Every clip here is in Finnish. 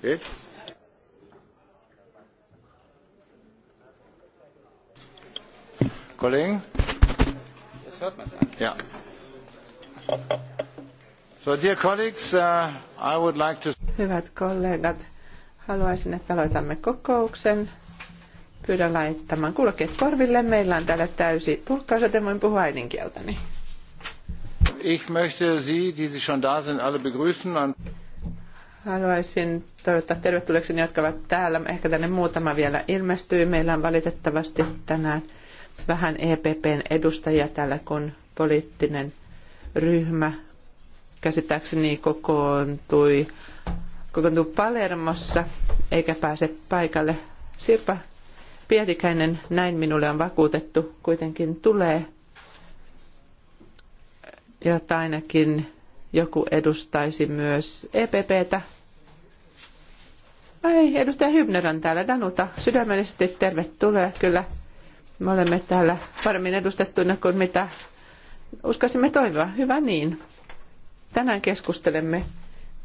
Eh? Kollegen? Das hört man Ja. So, dear colleagues, uh, I would like to... Hyvät kollegat, haluaisin, että aloitamme kokouksen. Pyydän laittamaan kuulokkeet korville. Meillä on täällä täysi tulkkaus, joten voin puhua äidinkieltäni. Ich möchte Sie, die Sie schon da sind, alle begrüßen. Haluaisin toivottaa tervetulleeksi ne, jotka ovat täällä. Ehkä tänne muutama vielä ilmestyy. Meillä on valitettavasti tänään vähän EPPn edustajia täällä, kun poliittinen ryhmä käsittääkseni kokoontui, kokoontui Palermossa eikä pääse paikalle. Sirpa Pietikäinen, näin minulle on vakuutettu, kuitenkin tulee, jotta ainakin joku edustaisi myös EPPtä Ai, edustaja Hybner on täällä. Danuta, sydämellisesti tervetuloa. Kyllä me olemme täällä paremmin edustettuina kuin mitä uskaisimme toivoa. Hyvä niin. Tänään keskustelemme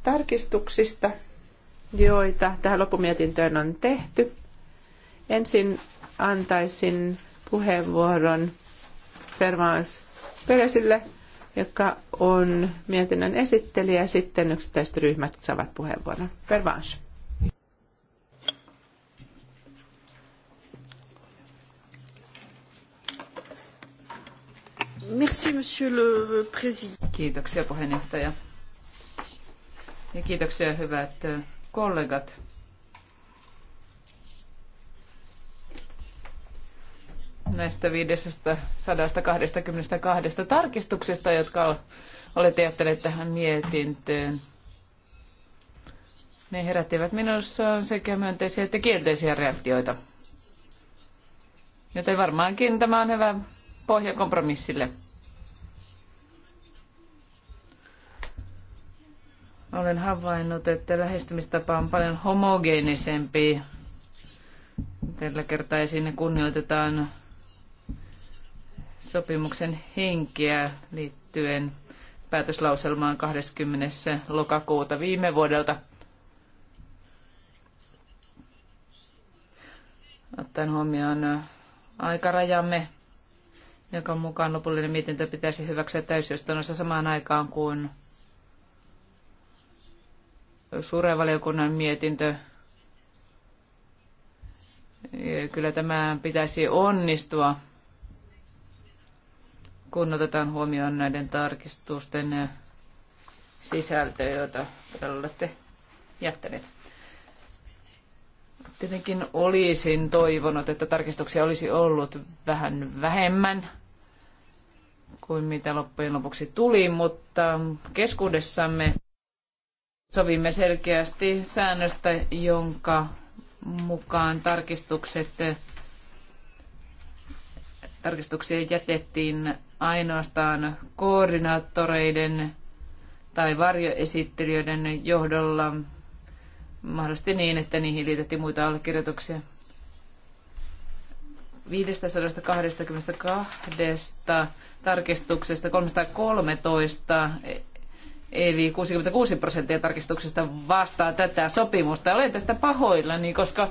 tarkistuksista, joita tähän lopumietintöön on tehty. Ensin antaisin puheenvuoron Fermans Peresille, joka on mietinnön esittelijä, ja sitten yksittäiset ryhmät saavat puheenvuoron. Fermans. Merci, monsieur le président. Kiitoksia puheenjohtaja. Ja kiitoksia hyvät kollegat. näistä 522 tarkistuksesta, jotka olette jättäneet tähän mietintöön. Ne herättivät minussa sekä myönteisiä että kielteisiä reaktioita. Joten varmaankin tämä on hyvä pohja kompromissille. Olen havainnut, että lähestymistapa on paljon homogeenisempi. Tällä kertaa siinä kunnioitetaan sopimuksen henkeä liittyen päätöslauselmaan 20. lokakuuta viime vuodelta. Ottaen huomioon aikarajamme, joka mukaan lopullinen mietintö pitäisi hyväksyä täysistunnossa samaan aikaan kuin valiokunnan mietintö. Kyllä tämä pitäisi onnistua, kun otetaan huomioon näiden tarkistusten sisältöä, joita olette jättäneet. Tietenkin olisin toivonut, että tarkistuksia olisi ollut vähän vähemmän kuin mitä loppujen lopuksi tuli, mutta keskuudessamme sovimme selkeästi säännöstä, jonka mukaan tarkistukset, tarkistuksia jätettiin ainoastaan koordinaattoreiden tai varjoesittelijöiden johdolla, mahdollisesti niin, että niihin liitettiin muita allekirjoituksia. 522 tarkistuksesta 313 eli 66 prosenttia tarkistuksista vastaa tätä sopimusta. Olen tästä pahoillani, koska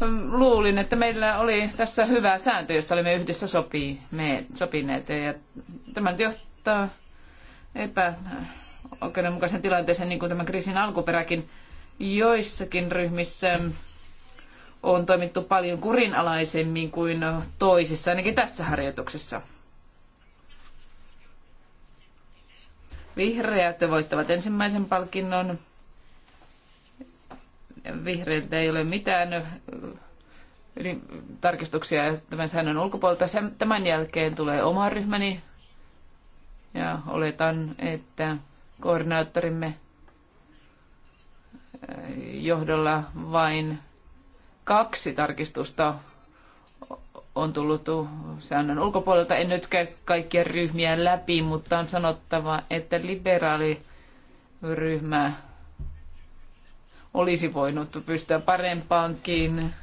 mm, luulin, että meillä oli tässä hyvä sääntö, josta olimme yhdessä sopineet. Ja tämä nyt johtaa epäoikeudenmukaisen tilanteeseen, niin kuin tämän kriisin alkuperäkin. Joissakin ryhmissä on toimittu paljon kurinalaisemmin kuin toisissa, ainakin tässä harjoituksessa. Vihreät voittavat ensimmäisen palkinnon. Vihreiltä ei ole mitään yli, tarkistuksia tämän säännön ulkopuolelta. Tämän jälkeen tulee oma ryhmäni ja oletan, että koordinaattorimme johdolla vain kaksi tarkistusta on tullut säännön ulkopuolelta. En nyt käy kaikkia ryhmiä läpi, mutta on sanottava, että liberaaliryhmä olisi voinut pystyä parempaankin,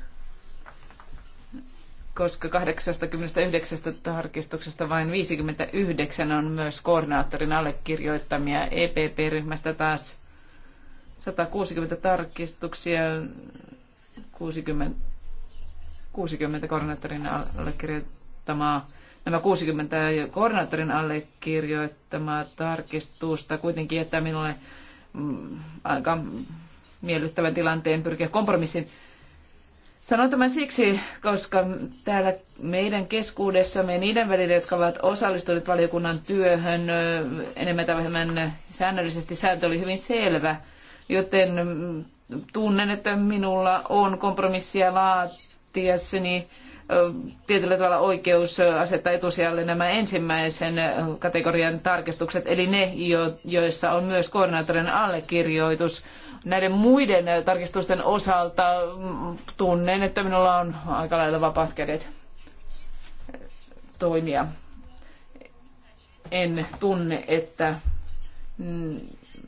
koska 89 tarkistuksesta vain 59 on myös koordinaattorin allekirjoittamia EPP-ryhmästä taas 160 tarkistuksia, 60 60 koordinaattorin allekirjoittamaa nämä 60 koordinaattorin allekirjoittamaa tarkistusta kuitenkin jättää minulle mm, aika miellyttävän tilanteen pyrkiä kompromissiin. Sanon tämän siksi, koska täällä meidän keskuudessamme niiden välillä, jotka ovat osallistuneet valiokunnan työhön enemmän tai vähemmän säännöllisesti, sääntö oli hyvin selvä, joten mm, tunnen, että minulla on kompromissia laatu miettiessäni niin, tietyllä tavalla oikeus asettaa etusijalle nämä ensimmäisen kategorian tarkistukset, eli ne, joissa on myös koordinaattorin allekirjoitus. Näiden muiden tarkistusten osalta mm, tunnen, että minulla on aika lailla vapaat kädet toimia. En tunne, että mm,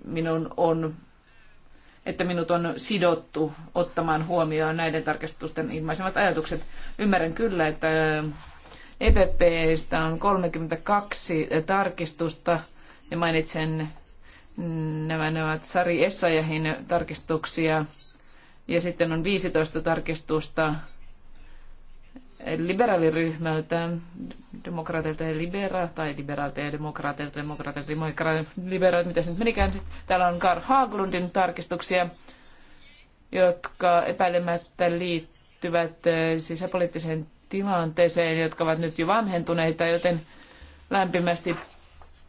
minun on että minut on sidottu ottamaan huomioon näiden tarkastusten ilmaisemat ajatukset. Ymmärrän kyllä, että äh, EPPstä on 32 äh, tarkistusta ja mainitsen mm, nämä, nämä Sari Essayahin tarkistuksia ja sitten on 15 tarkistusta liberaaliryhmältä, demokraateilta ja libera, tai liberaalta ja demokraateilta, demokraateilta ja liberaalit, mitä se nyt menikään. Täällä on Karl Haglundin tarkistuksia, jotka epäilemättä liittyvät eh, sisäpoliittiseen tilanteeseen, jotka ovat nyt jo vanhentuneita, joten lämpimästi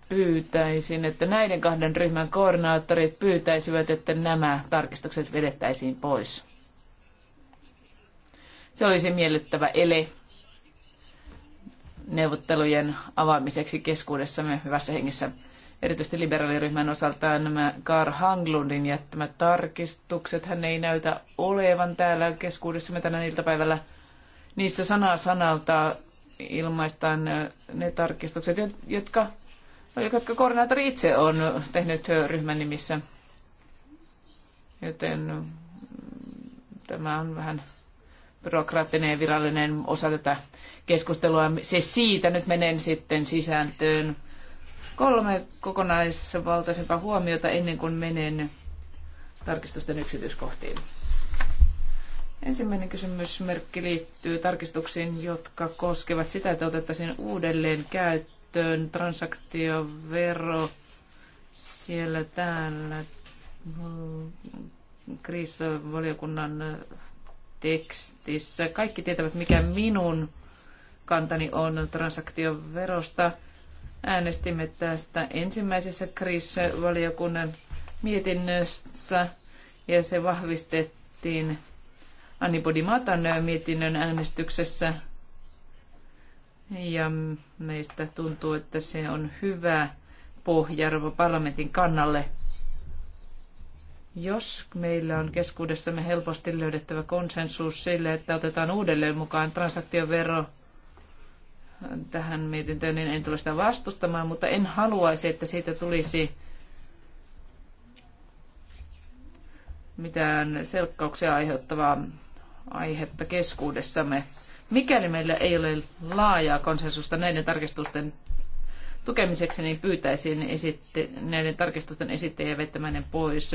pyytäisin, että näiden kahden ryhmän koordinaattorit pyytäisivät, että nämä tarkistukset vedettäisiin pois. Se olisi miellyttävä ele neuvottelujen avaamiseksi keskuudessamme hyvässä hengessä. Erityisesti liberaaliryhmän osalta nämä Kar Hanglundin jättämät tarkistukset, hän ei näytä olevan täällä keskuudessamme tänä iltapäivällä. Niissä sanaa sanalta ilmaistaan ne tarkistukset, jotka, jotka koordinaattori itse on tehnyt ryhmän nimissä. Joten mm, tämä on vähän byrokraattinen ja virallinen osa tätä keskustelua. Se siis siitä nyt menen sitten sisääntöön. Kolme kokonaisvaltaisempaa huomiota ennen kuin menen tarkistusten yksityiskohtiin. Ensimmäinen kysymysmerkki liittyy tarkistuksiin, jotka koskevat sitä, että otettaisiin uudelleen käyttöön transaktiovero siellä täällä kriisivaliokunnan tekstissä. Kaikki tietävät, mikä minun kantani on transaktioverosta. Äänestimme tästä ensimmäisessä Chris-valiokunnan mietinnössä ja se vahvistettiin Anibodi Matan mietinnön äänestyksessä. Ja meistä tuntuu, että se on hyvä pohja parlamentin kannalle. Jos meillä on keskuudessamme helposti löydettävä konsensus sille, että otetaan uudelleen mukaan transaktiovero tähän mietintöön, niin en tule sitä vastustamaan, mutta en haluaisi, että siitä tulisi mitään selkkauksia aiheuttavaa aihetta keskuudessamme. Mikäli meillä ei ole laajaa konsensusta näiden tarkistusten tukemiseksi, niin pyytäisin esitte- näiden tarkistusten esittäjiä vettämään pois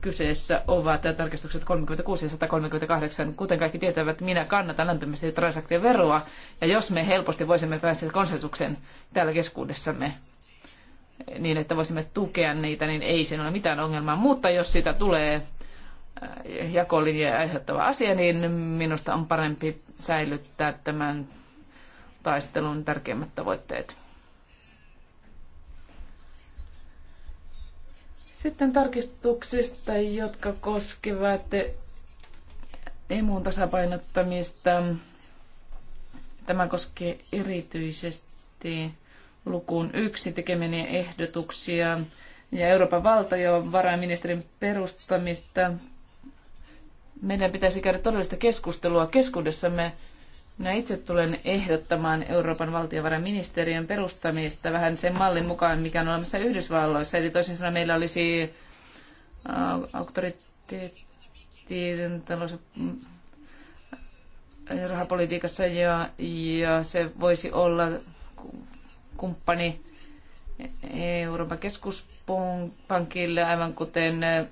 kyseessä ovat tarkistukset 36 ja 138. Kuten kaikki tietävät, minä kannatan lämpimästi transaktioveroa, ja jos me helposti voisimme päästä konsensukseen täällä keskuudessamme, niin että voisimme tukea niitä, niin ei siinä ole mitään ongelmaa. Mutta jos siitä tulee äh, jakolinjaa aiheuttava asia, niin minusta on parempi säilyttää tämän taistelun tärkeimmät tavoitteet. Sitten tarkistuksista, jotka koskevat emun tasapainottamista. Tämä koskee erityisesti lukuun yksi tekeminen ehdotuksia ja Euroopan valtion varainministerin perustamista. Meidän pitäisi käydä todellista keskustelua keskuudessamme minä itse tulen ehdottamaan Euroopan valtiovarainministeriön perustamista vähän sen mallin mukaan, mikä on olemassa Yhdysvalloissa. Eli toisin sanoen meillä olisi äh, auktoriteettien talous- rahapolitiikassa ja, ja se voisi olla kumppani Euroopan keskuspankille, aivan kuten äh,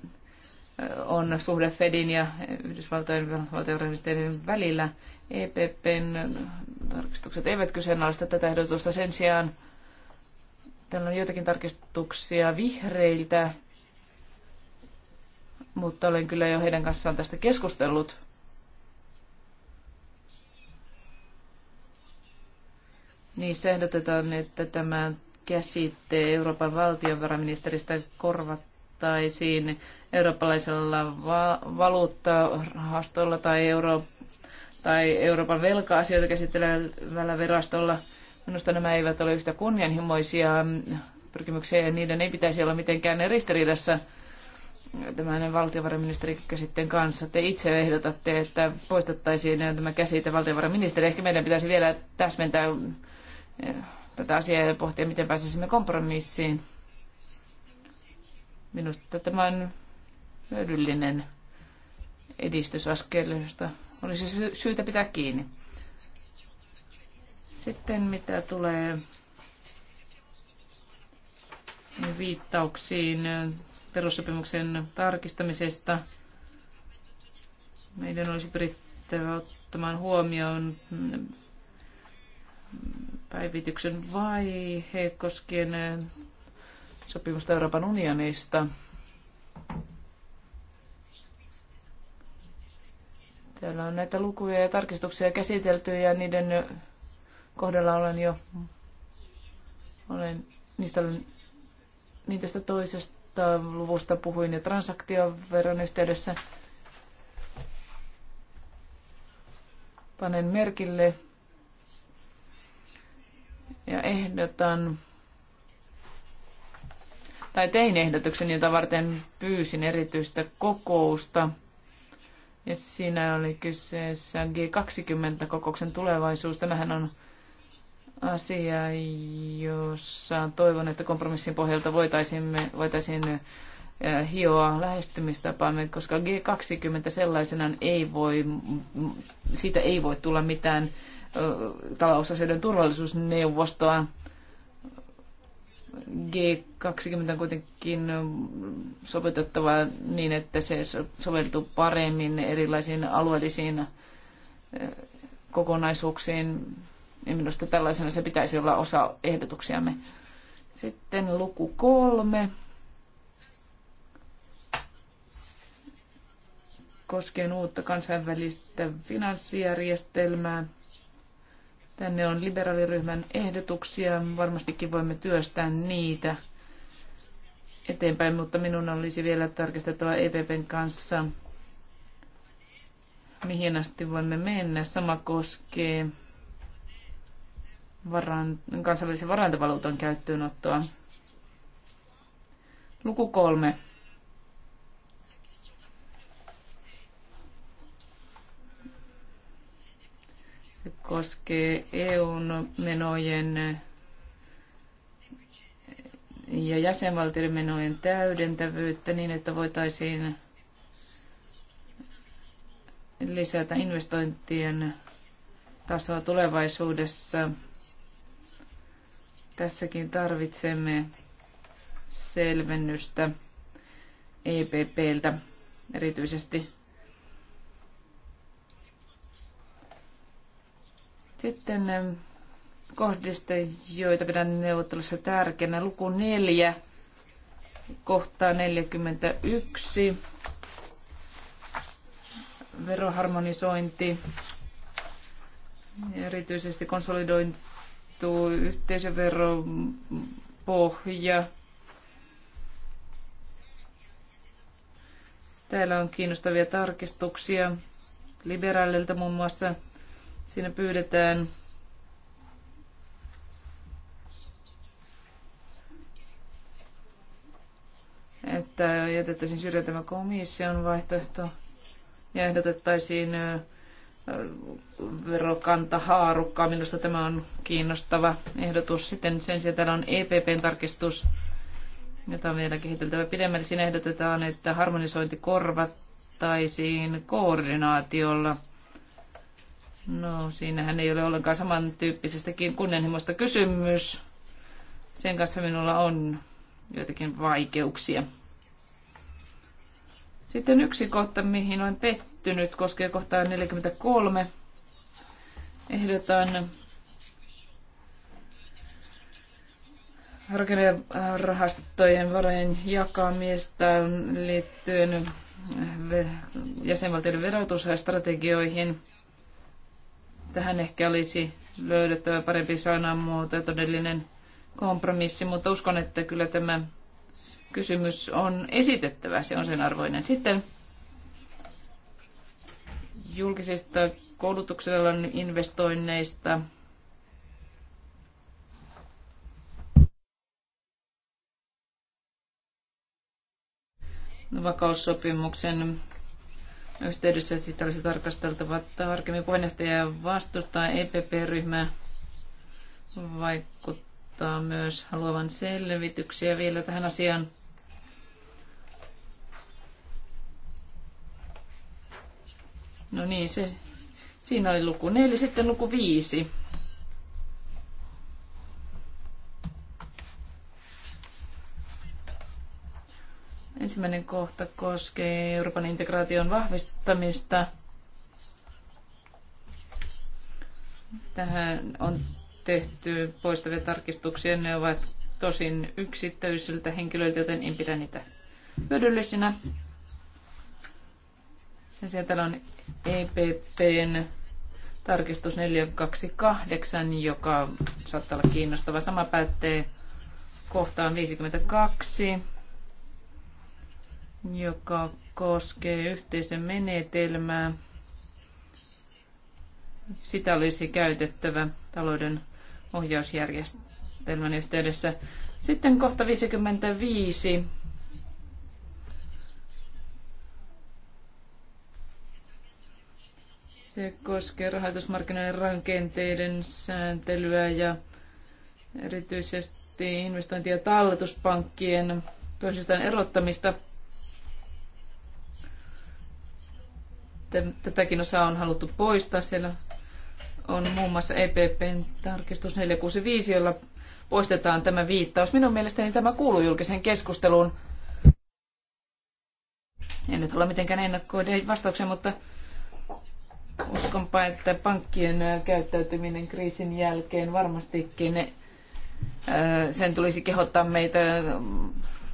on suhde Fedin ja Yhdysvaltojen valtiovarainministeriön välillä. EPPn tarkistukset eivät kyseenalaista tätä ehdotusta. Sen sijaan täällä on joitakin tarkistuksia vihreiltä, mutta olen kyllä jo heidän kanssaan tästä keskustellut. Niissä ehdotetaan, että tämä käsitte Euroopan valtionvarainministeristä korvataan korvattaisiin eurooppalaisella va- valuuttarahastolla tai, euro- tai Euroopan velka-asioita käsittelevällä virastolla. Minusta nämä eivät ole yhtä kunnianhimoisia pyrkimyksiä ja niiden ei pitäisi olla mitenkään ristiriidassa tämän valtiovarainministerikäsitteen kanssa. Te itse ehdotatte, että poistettaisiin tämä käsite valtiovarainministeri. Ehkä meidän pitäisi vielä täsmentää eh, tätä asiaa ja pohtia, miten pääsisimme kompromissiin. Minusta tämä on hyödyllinen edistysaskel, josta olisi syytä pitää kiinni. Sitten mitä tulee viittauksiin perussopimuksen tarkistamisesta, meidän olisi pyrittävä ottamaan huomioon päivityksen vaihe koskien sopimusta Euroopan unionista. Täällä on näitä lukuja ja tarkistuksia käsitelty ja niiden kohdalla olen jo olen, niistä olen, niin tästä toisesta luvusta puhuin jo transaktioveron yhteydessä. Panen merkille ja ehdotan tai tein ehdotuksen, jota varten pyysin erityistä kokousta. Ja siinä oli kyseessä G20-kokouksen tulevaisuus. Tämähän on asia, jossa toivon, että kompromissin pohjalta voitaisiin, voitaisiin hioa lähestymistapaamme, koska G20 sellaisenaan ei voi, siitä ei voi tulla mitään talousasioiden turvallisuusneuvostoa. G20 on kuitenkin sopeutettava niin, että se soveltuu paremmin erilaisiin alueellisiin eh, kokonaisuuksiin. Ja minusta tällaisena se pitäisi olla osa ehdotuksiamme. Sitten luku kolme. Koskien uutta kansainvälistä finanssijärjestelmää. Tänne on liberaaliryhmän ehdotuksia. Varmastikin voimme työstää niitä eteenpäin, mutta minun olisi vielä tarkistettava EPPn kanssa, mihin asti voimme mennä. Sama koskee varan, kansainvälisen varantovaluutan käyttöönottoa. Luku kolme. koskee EUn menojen ja jäsenvaltioiden menojen täydentävyyttä niin, että voitaisiin lisätä investointien tasoa tulevaisuudessa. Tässäkin tarvitsemme selvennystä EPPltä erityisesti Sitten ähm, kohdista, joita pidän neuvottelussa tärkeänä. Luku 4, kohtaa 41, veroharmonisointi, erityisesti konsolidoitu yhteisöveropohja. Täällä on kiinnostavia tarkistuksia liberaaleilta muun muassa – Siinä pyydetään että jätettäisiin syrjään tämä komission vaihtoehto ja ehdotettaisiin verokanta haarukkaa. Minusta tämä on kiinnostava ehdotus. Sitten sen sijaan täällä on EPPn tarkistus, jota on vielä kehiteltävä pidemmälle. Siinä ehdotetaan, että harmonisointi korvattaisiin koordinaatiolla – No, siinähän ei ole ollenkaan samantyyppisestäkin kunnianhimoista kysymys. Sen kanssa minulla on joitakin vaikeuksia. Sitten yksi kohta, mihin olen pettynyt, koskee kohtaa 43. Ehdotan rakennerahastojen varojen jakamista liittyen jäsenvaltioiden verotusstrategioihin. Ja Tähän ehkä olisi löydettävä parempi sanamuoto ja todellinen kompromissi, mutta uskon, että kyllä tämä kysymys on esitettävä, se on sen arvoinen. Sitten julkisista koulutuksella investoinneista. No, vakaussopimuksen yhteydessä sitten olisi tarkasteltava tarkemmin puheenjohtaja vastustaa EPP-ryhmää vaikuttaa myös haluavan selvityksiä vielä tähän asiaan. No niin, se, siinä oli luku neljä, sitten luku viisi. Ensimmäinen kohta koskee Euroopan integraation vahvistamista. Tähän on tehty poistavia tarkistuksia. Ne ovat tosin yksittäisiltä henkilöiltä, joten en pidä niitä hyödyllisinä. Sen sijaan on EPPn tarkistus 428, joka saattaa olla kiinnostava. Sama päättee kohtaan 52 joka koskee yhteisön menetelmää. Sitä olisi käytettävä talouden ohjausjärjestelmän yhteydessä. Sitten kohta 55. Se koskee rahoitusmarkkinoiden rakenteiden sääntelyä ja erityisesti investointi- ja talletuspankkien toisistaan erottamista – tätäkin osaa on haluttu poistaa. Siellä on muun muassa EPPn tarkistus 465, jolla poistetaan tämä viittaus. Minun mielestäni tämä kuuluu julkiseen keskusteluun. En nyt olla mitenkään ennakkoiden vastauksia, mutta uskonpa, että pankkien käyttäytyminen kriisin jälkeen varmastikin sen tulisi kehottaa meitä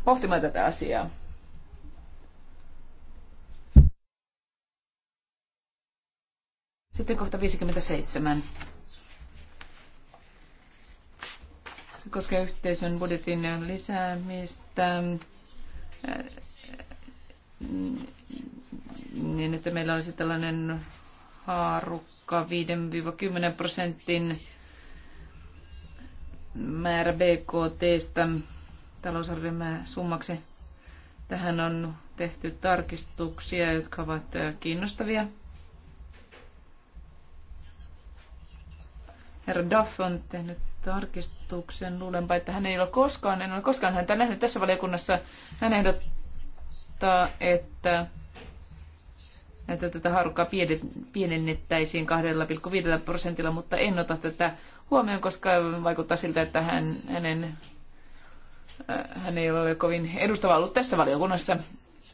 pohtimaan tätä asiaa. Sitten kohta 57. Se koskee yhteisön budjetin lisäämistä niin, että meillä olisi tällainen haarukka 5-10 prosentin määrä BKTstä talousarvion summaksi. Tähän on tehty tarkistuksia, jotka ovat kiinnostavia. Herra Duff on tehnyt tarkistuksen. Luulenpa, että hän ei ole koskaan, en ole koskaan häntä nähnyt tässä valiokunnassa. Hän ehdottaa, että, että tätä harukkaa pienennettäisiin 2,5 prosentilla, mutta en ota tätä huomioon, koska vaikuttaa siltä, että hän, hänen, äh, hän ei ole kovin edustava ollut tässä valiokunnassa.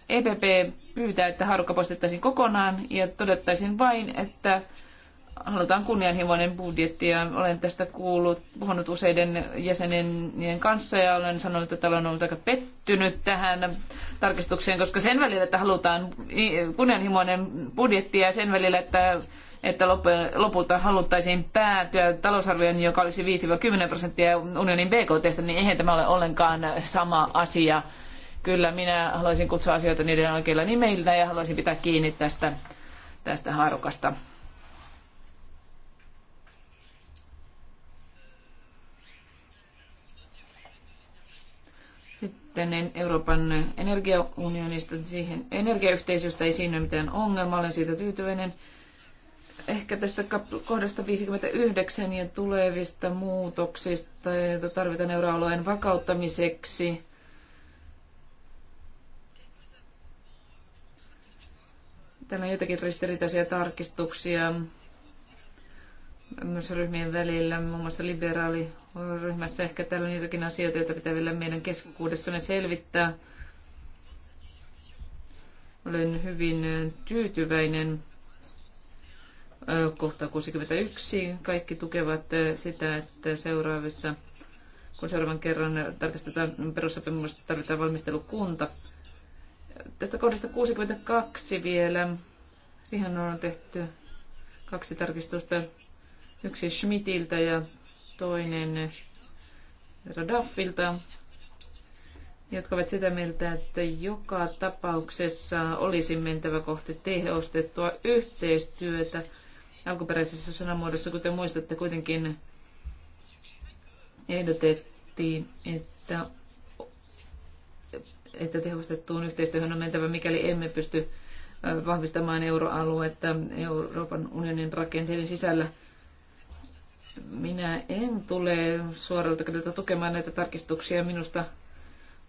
EPP pyytää, että harukka poistettaisiin kokonaan ja todettaisiin vain, että halutaan kunnianhimoinen budjetti ja olen tästä kuullut, puhunut useiden jäsenien kanssa ja olen sanonut, että olen ollut aika pettynyt tähän tarkistukseen, koska sen välillä, että halutaan kunnianhimoinen budjetti ja sen välillä, että että lopulta haluttaisiin päätyä talousarvioon, joka olisi 5-10 prosenttia unionin BKTstä, niin eihän tämä ole ollenkaan sama asia. Kyllä minä haluaisin kutsua asioita niiden oikeilla nimeillä ja haluaisin pitää kiinni tästä, tästä haarukasta. sitten Euroopan energiaunionista, siihen energiayhteisöstä ei siinä mitään ongelmaa, olen siitä tyytyväinen. Ehkä tästä kohdasta 59 ja tulevista muutoksista, joita tarvitaan euroalueen vakauttamiseksi. Täällä on jotakin ristiriitaisia tarkistuksia myös ryhmien välillä, muun muassa liberaali ryhmässä ehkä täällä on jotakin asioita, joita pitää vielä meidän keskuudessamme selvittää. Olen hyvin tyytyväinen. Kohta 61. Kaikki tukevat sitä, että seuraavissa, kun seuraavan kerran tarkastetaan perussopimusta, tarvitaan valmistelukunta. Tästä kohdasta 62 vielä. Siihen on tehty kaksi tarkistusta. Yksi Schmidtiltä ja toinen Radaffilta, jotka ovat sitä mieltä, että joka tapauksessa olisi mentävä kohti tehostettua yhteistyötä alkuperäisessä sanamuodossa, kuten muistatte kuitenkin ehdotettiin, että, että tehostettuun yhteistyöhön on mentävä, mikäli emme pysty vahvistamaan euroaluetta Euroopan unionin rakenteiden sisällä. Minä en tule suoralta kädeltä tukemaan näitä tarkistuksia. Minusta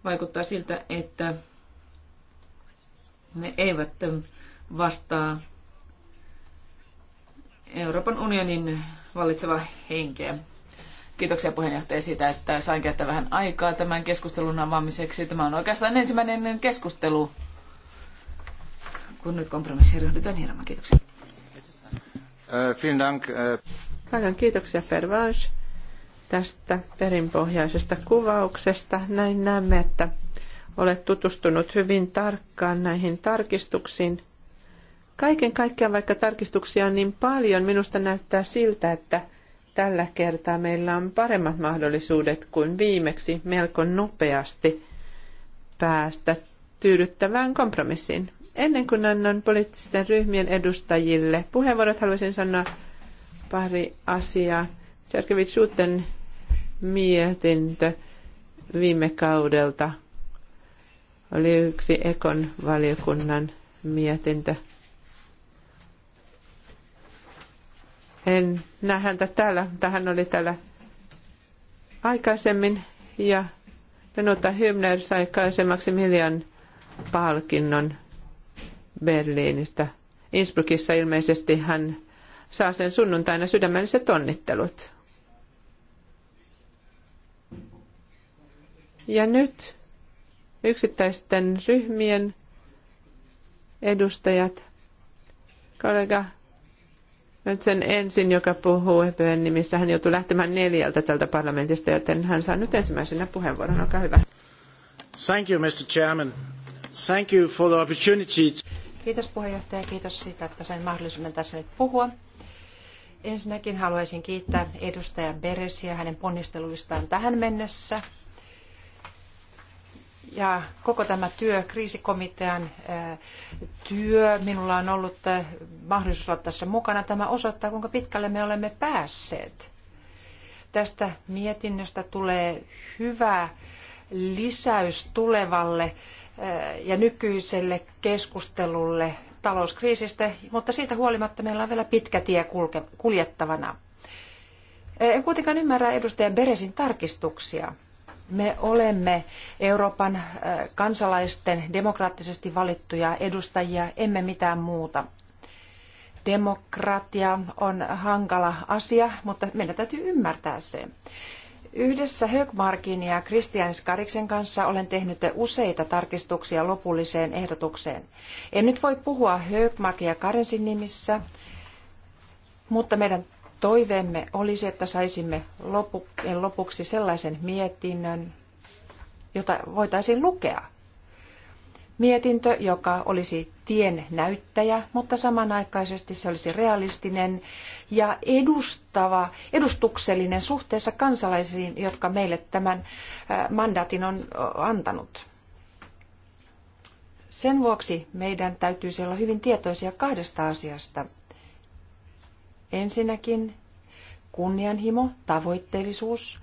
vaikuttaa siltä, että ne eivät vastaa Euroopan unionin vallitseva henkeä. Kiitoksia puheenjohtaja siitä, että sain käyttää vähän aikaa tämän keskustelun avaamiseksi. Tämä on oikeastaan ensimmäinen keskustelu, kun nyt kompromissiin ryhdytään hieman. Kiitoksia. Äh, vielen Dank. Äh. Paljon kiitoksia Pervanche tästä perinpohjaisesta kuvauksesta. Näin näemme, että olet tutustunut hyvin tarkkaan näihin tarkistuksiin. Kaiken kaikkiaan, vaikka tarkistuksia on niin paljon, minusta näyttää siltä, että tällä kertaa meillä on paremmat mahdollisuudet kuin viimeksi melko nopeasti päästä tyydyttävään kompromissiin. Ennen kuin annan poliittisten ryhmien edustajille puheenvuorot, haluaisin sanoa pari asiaa. Tserkevitsuuten mietintö viime kaudelta oli yksi Ekon valiokunnan mietintö. En näe häntä täällä. Tähän oli täällä aikaisemmin ja Renata Hymner sai kaisemmaksi miljan palkinnon Berliinistä. Innsbruckissa ilmeisesti hän saa sen sunnuntaina sydämelliset onnittelut. Ja nyt yksittäisten ryhmien edustajat, kollega nyt sen ensin, joka puhuu EPN nimissä, hän joutui lähtemään neljältä tältä parlamentista, joten hän saa nyt ensimmäisenä puheenvuoron. Olkaa hyvä. Thank you, Mr. Chairman. Thank you for the opportunity. Kiitos puheenjohtaja, kiitos siitä, että sain mahdollisuuden tässä nyt puhua. Ensinnäkin haluaisin kiittää edustaja Beresiä hänen ponnisteluistaan tähän mennessä. Ja koko tämä työ, kriisikomitean työ, minulla on ollut mahdollisuus olla tässä mukana. Tämä osoittaa, kuinka pitkälle me olemme päässeet. Tästä mietinnöstä tulee hyvä lisäys tulevalle ja nykyiselle keskustelulle talouskriisistä, mutta siitä huolimatta meillä on vielä pitkä tie kuljettavana. Eh, en kuitenkaan ymmärrä edustaja Beresin tarkistuksia. Me olemme Euroopan eh, kansalaisten demokraattisesti valittuja edustajia, emme mitään muuta. Demokratia on hankala asia, mutta meidän täytyy ymmärtää se. Yhdessä Högmarkin ja Christian Skariksen kanssa olen tehnyt useita tarkistuksia lopulliseen ehdotukseen. En nyt voi puhua Högmarkin ja Karensin nimissä, mutta meidän toiveemme olisi, että saisimme loppujen eh, lopuksi sellaisen mietinnön, jota voitaisiin lukea. Mietintö, joka olisi tien näyttäjä, mutta samanaikaisesti se olisi realistinen ja edustava, edustuksellinen suhteessa kansalaisiin, jotka meille tämän mandaatin on antanut. Sen vuoksi meidän täytyisi olla hyvin tietoisia kahdesta asiasta. Ensinnäkin kunnianhimo, tavoitteellisuus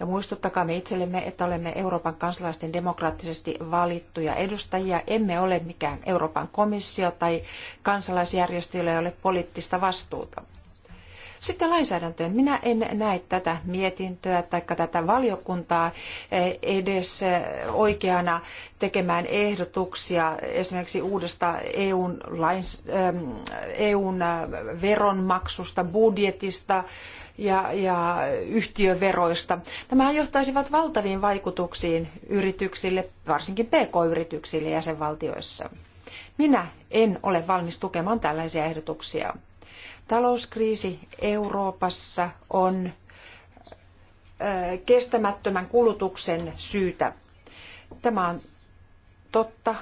ja muistuttakaamme itsellemme, että olemme Euroopan kansalaisten demokraattisesti valittuja edustajia. Emme ole mikään Euroopan komissio tai kansalaisjärjestö, jolla ei ole poliittista vastuuta. Sitten lainsäädäntöön. Minä en näe tätä mietintöä tai tätä valiokuntaa eh, edes eh, oikeana tekemään ehdotuksia esimerkiksi uudesta EUn, lains, eh, EUn veronmaksusta, budjetista, ja, ja yhtiöveroista. Nämä johtaisivat valtaviin vaikutuksiin yrityksille, varsinkin pk-yrityksille jäsenvaltioissa. Minä en ole valmis tukemaan tällaisia ehdotuksia. Talouskriisi Euroopassa on kestämättömän kulutuksen syytä. Tämä on totta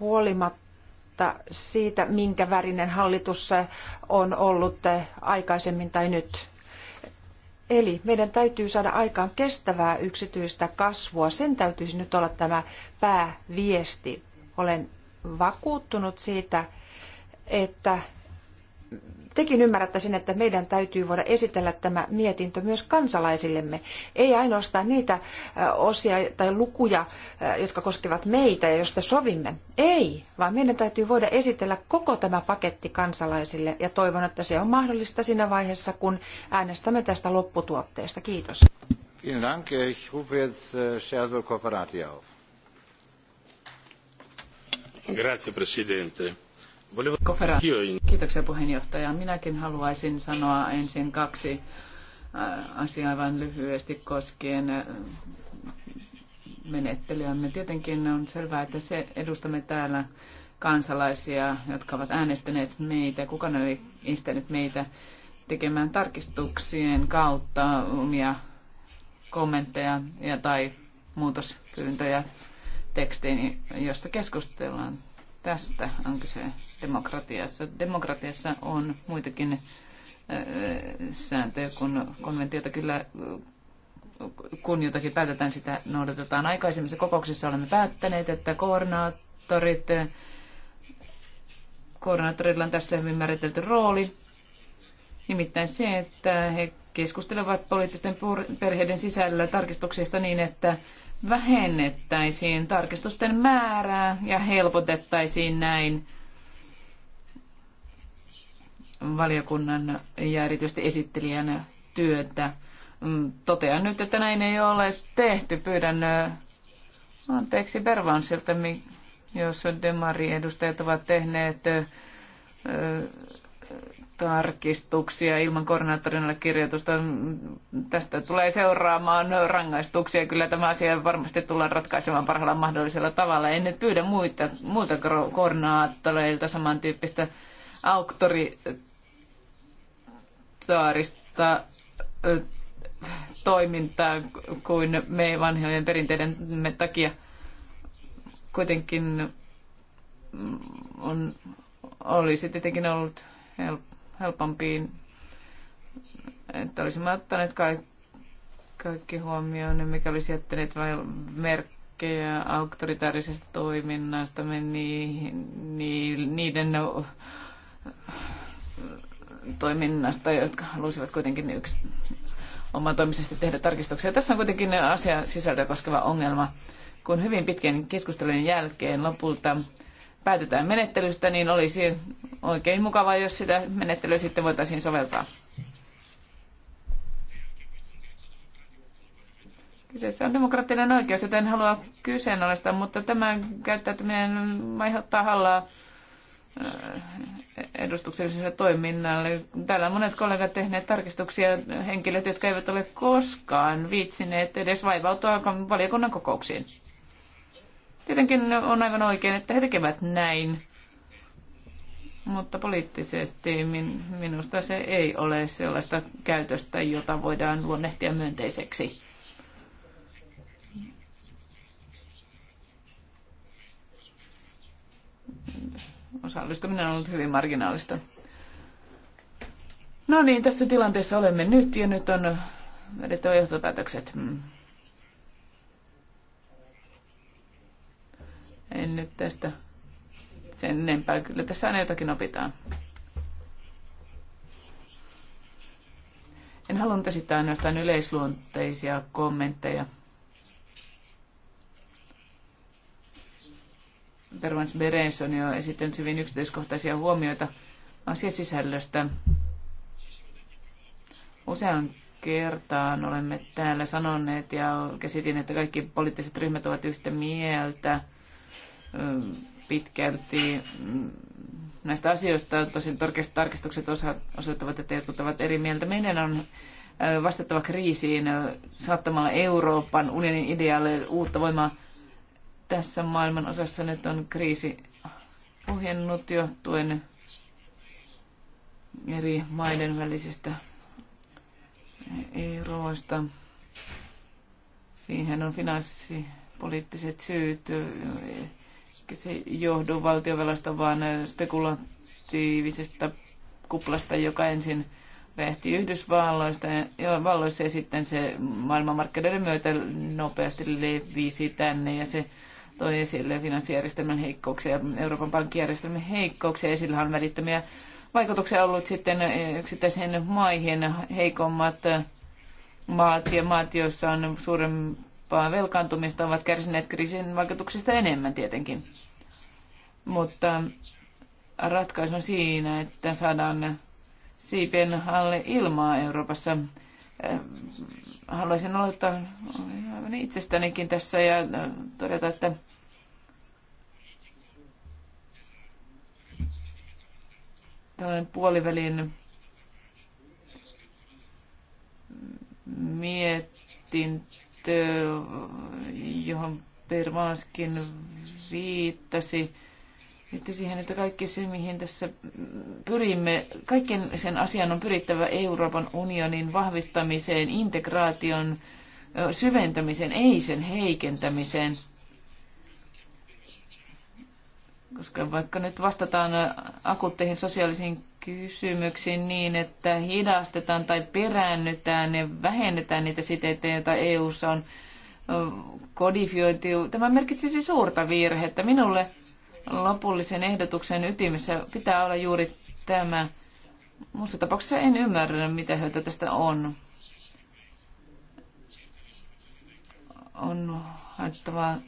huolimatta siitä, minkä värinen hallitus on ollut aikaisemmin tai nyt. Eli meidän täytyy saada aikaan kestävää yksityistä kasvua. Sen täytyisi nyt olla tämä pääviesti. Olen vakuuttunut siitä, että tekin ymmärrätte sen, että meidän täytyy voida esitellä tämä mietintö myös kansalaisillemme. Ei ainoastaan niitä osia tai lukuja, jotka koskevat meitä ja joista sovimme. Ei, vaan meidän täytyy voida esitellä koko tämä paketti kansalaisille ja toivon, että se on mahdollista siinä vaiheessa, kun äänestämme tästä lopputuotteesta. Kiitos. Äh, Grazie Presidente Kofera. Kiitoksia puheenjohtaja. Minäkin haluaisin sanoa ensin kaksi äh, asiaa aivan lyhyesti koskien äh, menettelyämme. Tietenkin on selvää, että se edustamme täällä kansalaisia, jotka ovat äänestäneet meitä, kukaan oli istänyt meitä tekemään tarkistuksien kautta omia kommentteja ja tai muutospyyntöjä tekstiin, josta keskustellaan. Tästä on kyse demokratiassa. Demokratiassa on muitakin sääntöjä, kun konventiota kyllä kun jotakin päätetään, sitä noudatetaan. Aikaisemmissa kokouksissa olemme päättäneet, että koordinaattorit, koordinaattorilla on tässä hyvin määritelty rooli, nimittäin se, että he keskustelevat poliittisten perheiden sisällä tarkistuksista niin, että vähennettäisiin tarkistusten määrää ja helpotettaisiin näin valiokunnan ja erityisesti esittelijän työtä. Mm, totean nyt, että näin ei ole tehty. Pyydän anteeksi Bervansilta, jos edustajat ovat tehneet tarkistuksia ilman koordinaattorinalle kirjoitusta. Mm, tästä tulee seuraamaan rangaistuksia. Kyllä tämä asia varmasti tullaan ratkaisemaan parhaalla mahdollisella tavalla. En nyt pyydä muita, muilta koordinaattoreilta samantyyppistä auktoritaarista toimintaa kuin me vanhojen perinteidemme takia. Kuitenkin on, olisi tietenkin ollut help, helpompiin, että olisimme ottaneet kaikki kaikki huomioon, niin mikä olisi jättänyt vain merkkejä auktoritaarisesta toiminnasta, me niihin, niiden toiminnasta, jotka halusivat kuitenkin yksi omatoimisesti tehdä tarkistuksia. Tässä on kuitenkin asia sisältöä koskeva ongelma. Kun hyvin pitkän keskustelun jälkeen lopulta päätetään menettelystä, niin olisi oikein mukavaa, jos sitä menettelyä sitten voitaisiin soveltaa. Kyseessä on demokraattinen oikeus, joten en halua kyseenalaistaa, mutta tämä käyttäytyminen aiheuttaa hallaa edustukselliselle toiminnalle. Täällä on monet kollegat tehneet tarkistuksia henkilöt, jotka eivät ole koskaan viitsineet edes vaivautua valiokunnan kokouksiin. Tietenkin on aivan oikein, että he tekevät näin, mutta poliittisesti min, minusta se ei ole sellaista käytöstä, jota voidaan luonnehtia myönteiseksi osallistuminen on ollut hyvin marginaalista. No niin, tässä tilanteessa olemme nyt ja nyt on vedettävä johtopäätökset. Mm. En nyt tästä sen enempää. Kyllä tässä aina jotakin opitaan. En halunnut esittää ainoastaan yleisluonteisia kommentteja. Bermans Berens on jo esittänyt hyvin yksityiskohtaisia huomioita asiasisällöstä. Usean kertaan olemme täällä sanoneet ja käsitin, että kaikki poliittiset ryhmät ovat yhtä mieltä pitkälti mm, näistä asioista. Tosin tarkistukset osoittavat, että jotkut ovat eri mieltä. Meidän on vastattava kriisiin saattamalla Euroopan unionin idealle uutta voimaa tässä maailman osassa nyt on kriisi puhjennut johtuen eri maiden välisistä eroista. Siihen on finanssipoliittiset syyt, eikä se johdu valtiovelasta, vaan spekulatiivisesta kuplasta, joka ensin räjähti Yhdysvalloista ja, valloissa, ja sitten se maailmanmarkkinoiden myötä nopeasti levisi tänne ja se toi esille finanssijärjestelmän heikkouksia, Euroopan pankkijärjestelmän heikkouksia. Esillä on välittömiä vaikutuksia ollut sitten eh, yksittäisen maihin heikommat maat ja maat, joissa on suurempaa velkaantumista, ovat kärsineet kriisin vaikutuksista enemmän tietenkin. Mutta ratkaisu on siinä, että saadaan siipien alle ilmaa Euroopassa Äh, haluaisin aloittaa itsestänikin tässä ja äh, todeta, että tällainen puolivälin mietintö, johon Permaaskin viittasi, että siihen, että kaikki se, mihin tässä pyrimme, kaiken sen asian on pyrittävä Euroopan unionin vahvistamiseen, integraation syventämiseen, ei sen heikentämiseen. Koska vaikka nyt vastataan akuutteihin sosiaalisiin kysymyksiin niin, että hidastetaan tai peräännytään ja vähennetään niitä siteitä, joita EU:ssa on kodifioitu, tämä merkitsisi suurta virhettä. Minulle lopullisen ehdotuksen ytimessä pitää olla juuri tämä. Muussa tapauksessa en ymmärrä, mitä hyötyä tästä on. On haettava äh,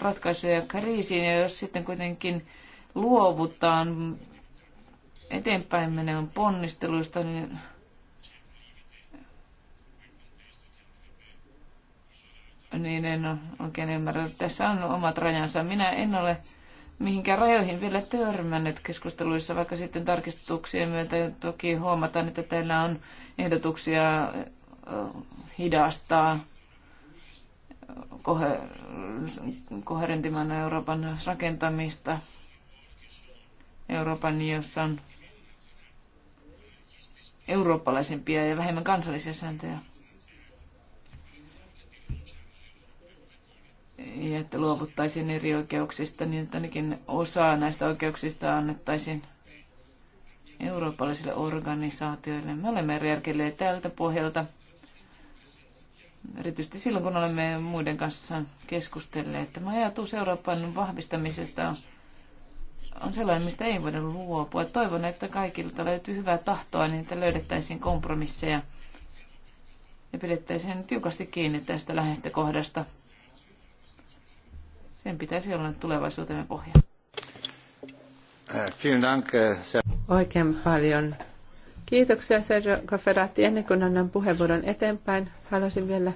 ratkaisuja kriisiin, ja jos sitten kuitenkin luovutaan eteenpäin menevän ponnisteluista, niin niin en oikein ymmärrä. Tässä on omat rajansa. Minä en ole mihinkään rajoihin vielä törmännyt keskusteluissa, vaikka sitten tarkistuksien myötä toki huomataan, että teillä on ehdotuksia eh, hidastaa koherentimman Euroopan rakentamista. Euroopan, jossa on eurooppalaisempia ja vähemmän kansallisia sääntöjä. ja niin, että luovuttaisiin eri oikeuksista, niin että ainakin osa näistä oikeuksista annettaisiin eurooppalaisille organisaatioille. Me olemme reagoineet tältä pohjalta, erityisesti silloin kun olemme muiden kanssa keskustelleet. Tämä ajatus Euroopan vahvistamisesta on sellainen, mistä ei voida luopua. Toivon, että kaikilta löytyy hyvää tahtoa, niin että löydettäisiin kompromisseja ja pidettäisiin tiukasti kiinni tästä lähestökohdasta. kohdasta. Sen pitäisi olla tulevaisuutemme pohja. Äh, äh, Oikein paljon. Kiitoksia Sergio Cofferati. Ennen kuin annan puheenvuoron eteenpäin, haluaisin vielä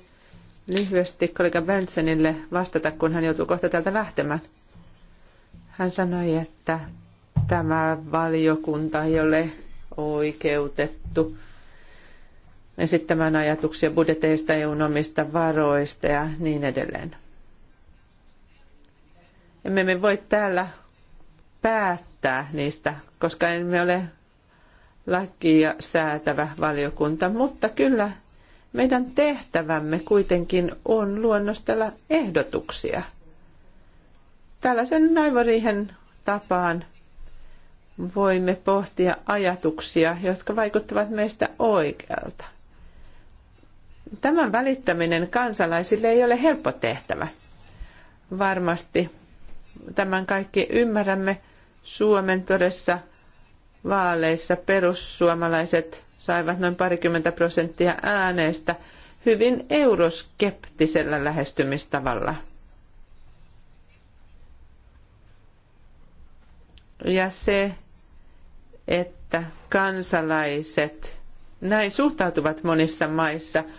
lyhyesti kollega Bentsenille vastata, kun hän joutuu kohta täältä lähtemään. Hän sanoi, että tämä valiokunta ei ole oikeutettu esittämään ajatuksia budjeteista, EUn omista varoista ja niin edelleen. Emme me voi täällä päättää niistä, koska emme ole lakia säätävä valiokunta, mutta kyllä meidän tehtävämme kuitenkin on luonnostella ehdotuksia. Tällaisen naivoriihen tapaan voimme pohtia ajatuksia, jotka vaikuttavat meistä oikealta. Tämän välittäminen kansalaisille ei ole helppo tehtävä. Varmasti tämän kaikki ymmärrämme. Suomen todessa vaaleissa perussuomalaiset saivat noin parikymmentä prosenttia ääneistä hyvin euroskeptisellä lähestymistavalla. Ja se, että kansalaiset näin suhtautuvat monissa maissa –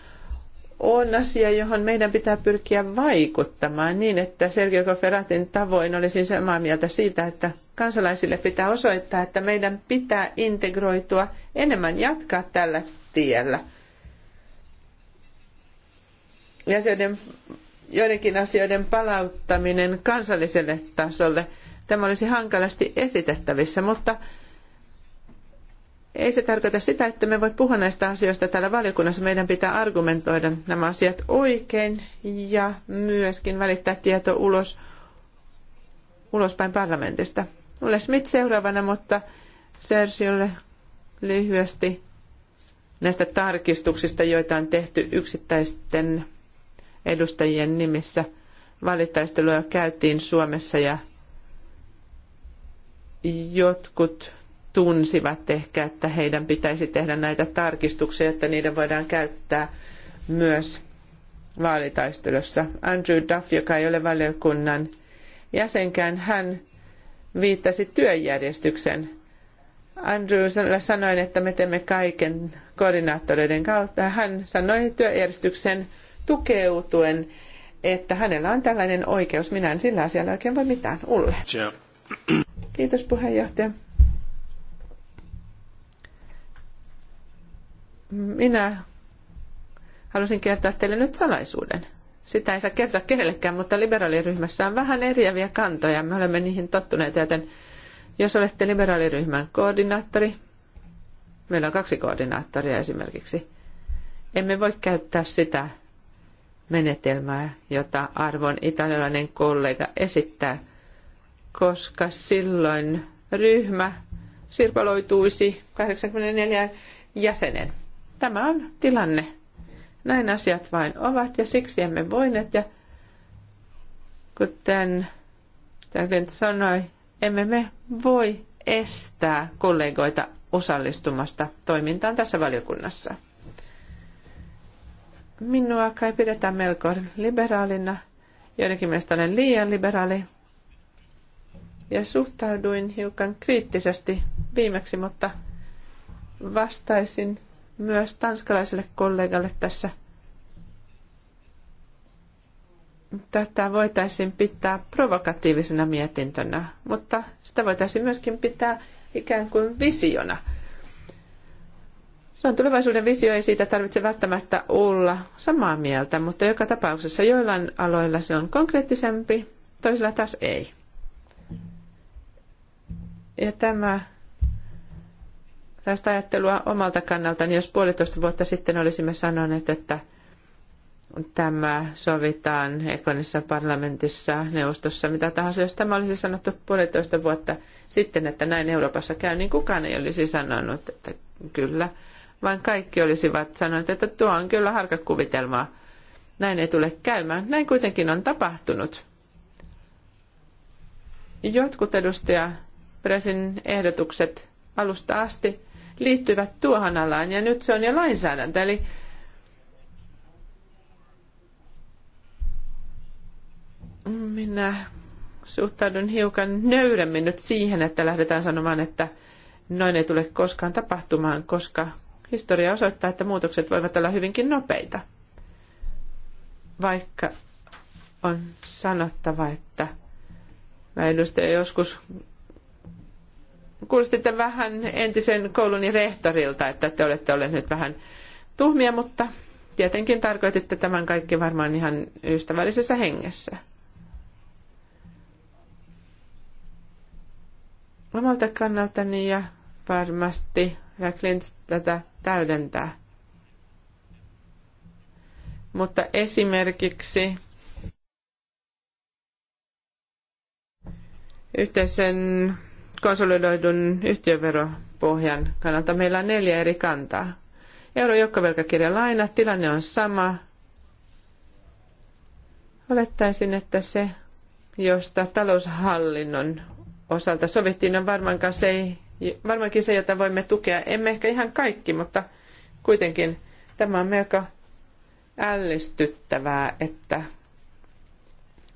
on asia, johon meidän pitää pyrkiä vaikuttamaan niin, että Sergio Koferatin tavoin olisin samaa mieltä siitä, että kansalaisille pitää osoittaa, että meidän pitää integroitua enemmän jatkaa tällä tiellä. Jäsenen, joidenkin asioiden palauttaminen kansalliselle tasolle, tämä olisi hankalasti esitettävissä, mutta ei se tarkoita sitä, että me voi puhua näistä asioista täällä valiokunnassa. Meidän pitää argumentoida nämä asiat oikein ja myöskin välittää tieto ulos, ulospäin parlamentista. Ole Smith seuraavana, mutta Sergiolle lyhyesti näistä tarkistuksista, joita on tehty yksittäisten edustajien nimissä. Valitaistelua käytiin Suomessa ja jotkut tunsivat ehkä, että heidän pitäisi tehdä näitä tarkistuksia, että niiden voidaan käyttää myös vaalitaistelussa. Andrew Duff, joka ei ole valiokunnan jäsenkään, hän viittasi työjärjestyksen. Andrew sanoi, että me teemme kaiken koordinaattoreiden kautta. Hän sanoi työjärjestyksen tukeutuen, että hänellä on tällainen oikeus. Minä en sillä asialla oikein voi mitään. Ulle. Kiitos puheenjohtaja. Minä halusin kertoa teille nyt salaisuuden. Sitä ei saa kertoa kenellekään, mutta liberaaliryhmässä on vähän eriäviä kantoja. Me olemme niihin tottuneet, joten jos olette liberaaliryhmän koordinaattori, meillä on kaksi koordinaattoria esimerkiksi, emme voi käyttää sitä menetelmää, jota arvon italialainen kollega esittää, koska silloin ryhmä sirpaloituisi 84 jäsenen. Tämä on tilanne. Näin asiat vain ovat ja siksi emme voineet. Ja kuten Taglint sanoi, emme me voi estää kollegoita osallistumasta toimintaan tässä valiokunnassa. Minua kai pidetään melko liberaalina. Joidenkin mielestä olen liian liberaali. Ja suhtauduin hiukan kriittisesti viimeksi, mutta vastaisin myös tanskalaiselle kollegalle tässä. Tätä voitaisiin pitää provokatiivisena mietintönä, mutta sitä voitaisiin myöskin pitää ikään kuin visiona. Se on tulevaisuuden visio, ei siitä tarvitse välttämättä olla samaa mieltä, mutta joka tapauksessa joillain aloilla se on konkreettisempi, toisilla taas ei. Ja tämä tästä ajattelua omalta kannaltani, niin jos puolitoista vuotta sitten olisimme sanoneet, että tämä sovitaan Ekonissa parlamentissa, neuvostossa, mitä tahansa. Jos tämä olisi sanottu puolitoista vuotta sitten, että näin Euroopassa käy, niin kukaan ei olisi sanonut, että kyllä, vaan kaikki olisivat sanoneet, että tuo on kyllä harkakuvitelmaa. Näin ei tule käymään. Näin kuitenkin on tapahtunut. Jotkut edustaja Presin ehdotukset alusta asti liittyvät tuohon alaan ja nyt se on jo lainsäädäntö. Eli minä suhtaudun hiukan nöyremmin nyt siihen, että lähdetään sanomaan, että noin ei tule koskaan tapahtumaan, koska historia osoittaa, että muutokset voivat olla hyvinkin nopeita. Vaikka on sanottava, että mä edustan joskus kuulostitte vähän entisen kouluni rehtorilta, että te olette olleet nyt vähän tuhmia, mutta tietenkin tarkoititte tämän kaikki varmaan ihan ystävällisessä hengessä. Omalta kannaltani ja varmasti Racklins tätä täydentää. Mutta esimerkiksi yhteisen konsolidoidun yhtiöveropohjan kannalta meillä on neljä eri kantaa. Euro laina, tilanne on sama. Olettaisin, että se, josta taloushallinnon osalta sovittiin, on varmaankin se, varmaankin se, jota voimme tukea. Emme ehkä ihan kaikki, mutta kuitenkin tämä on melko ällistyttävää, että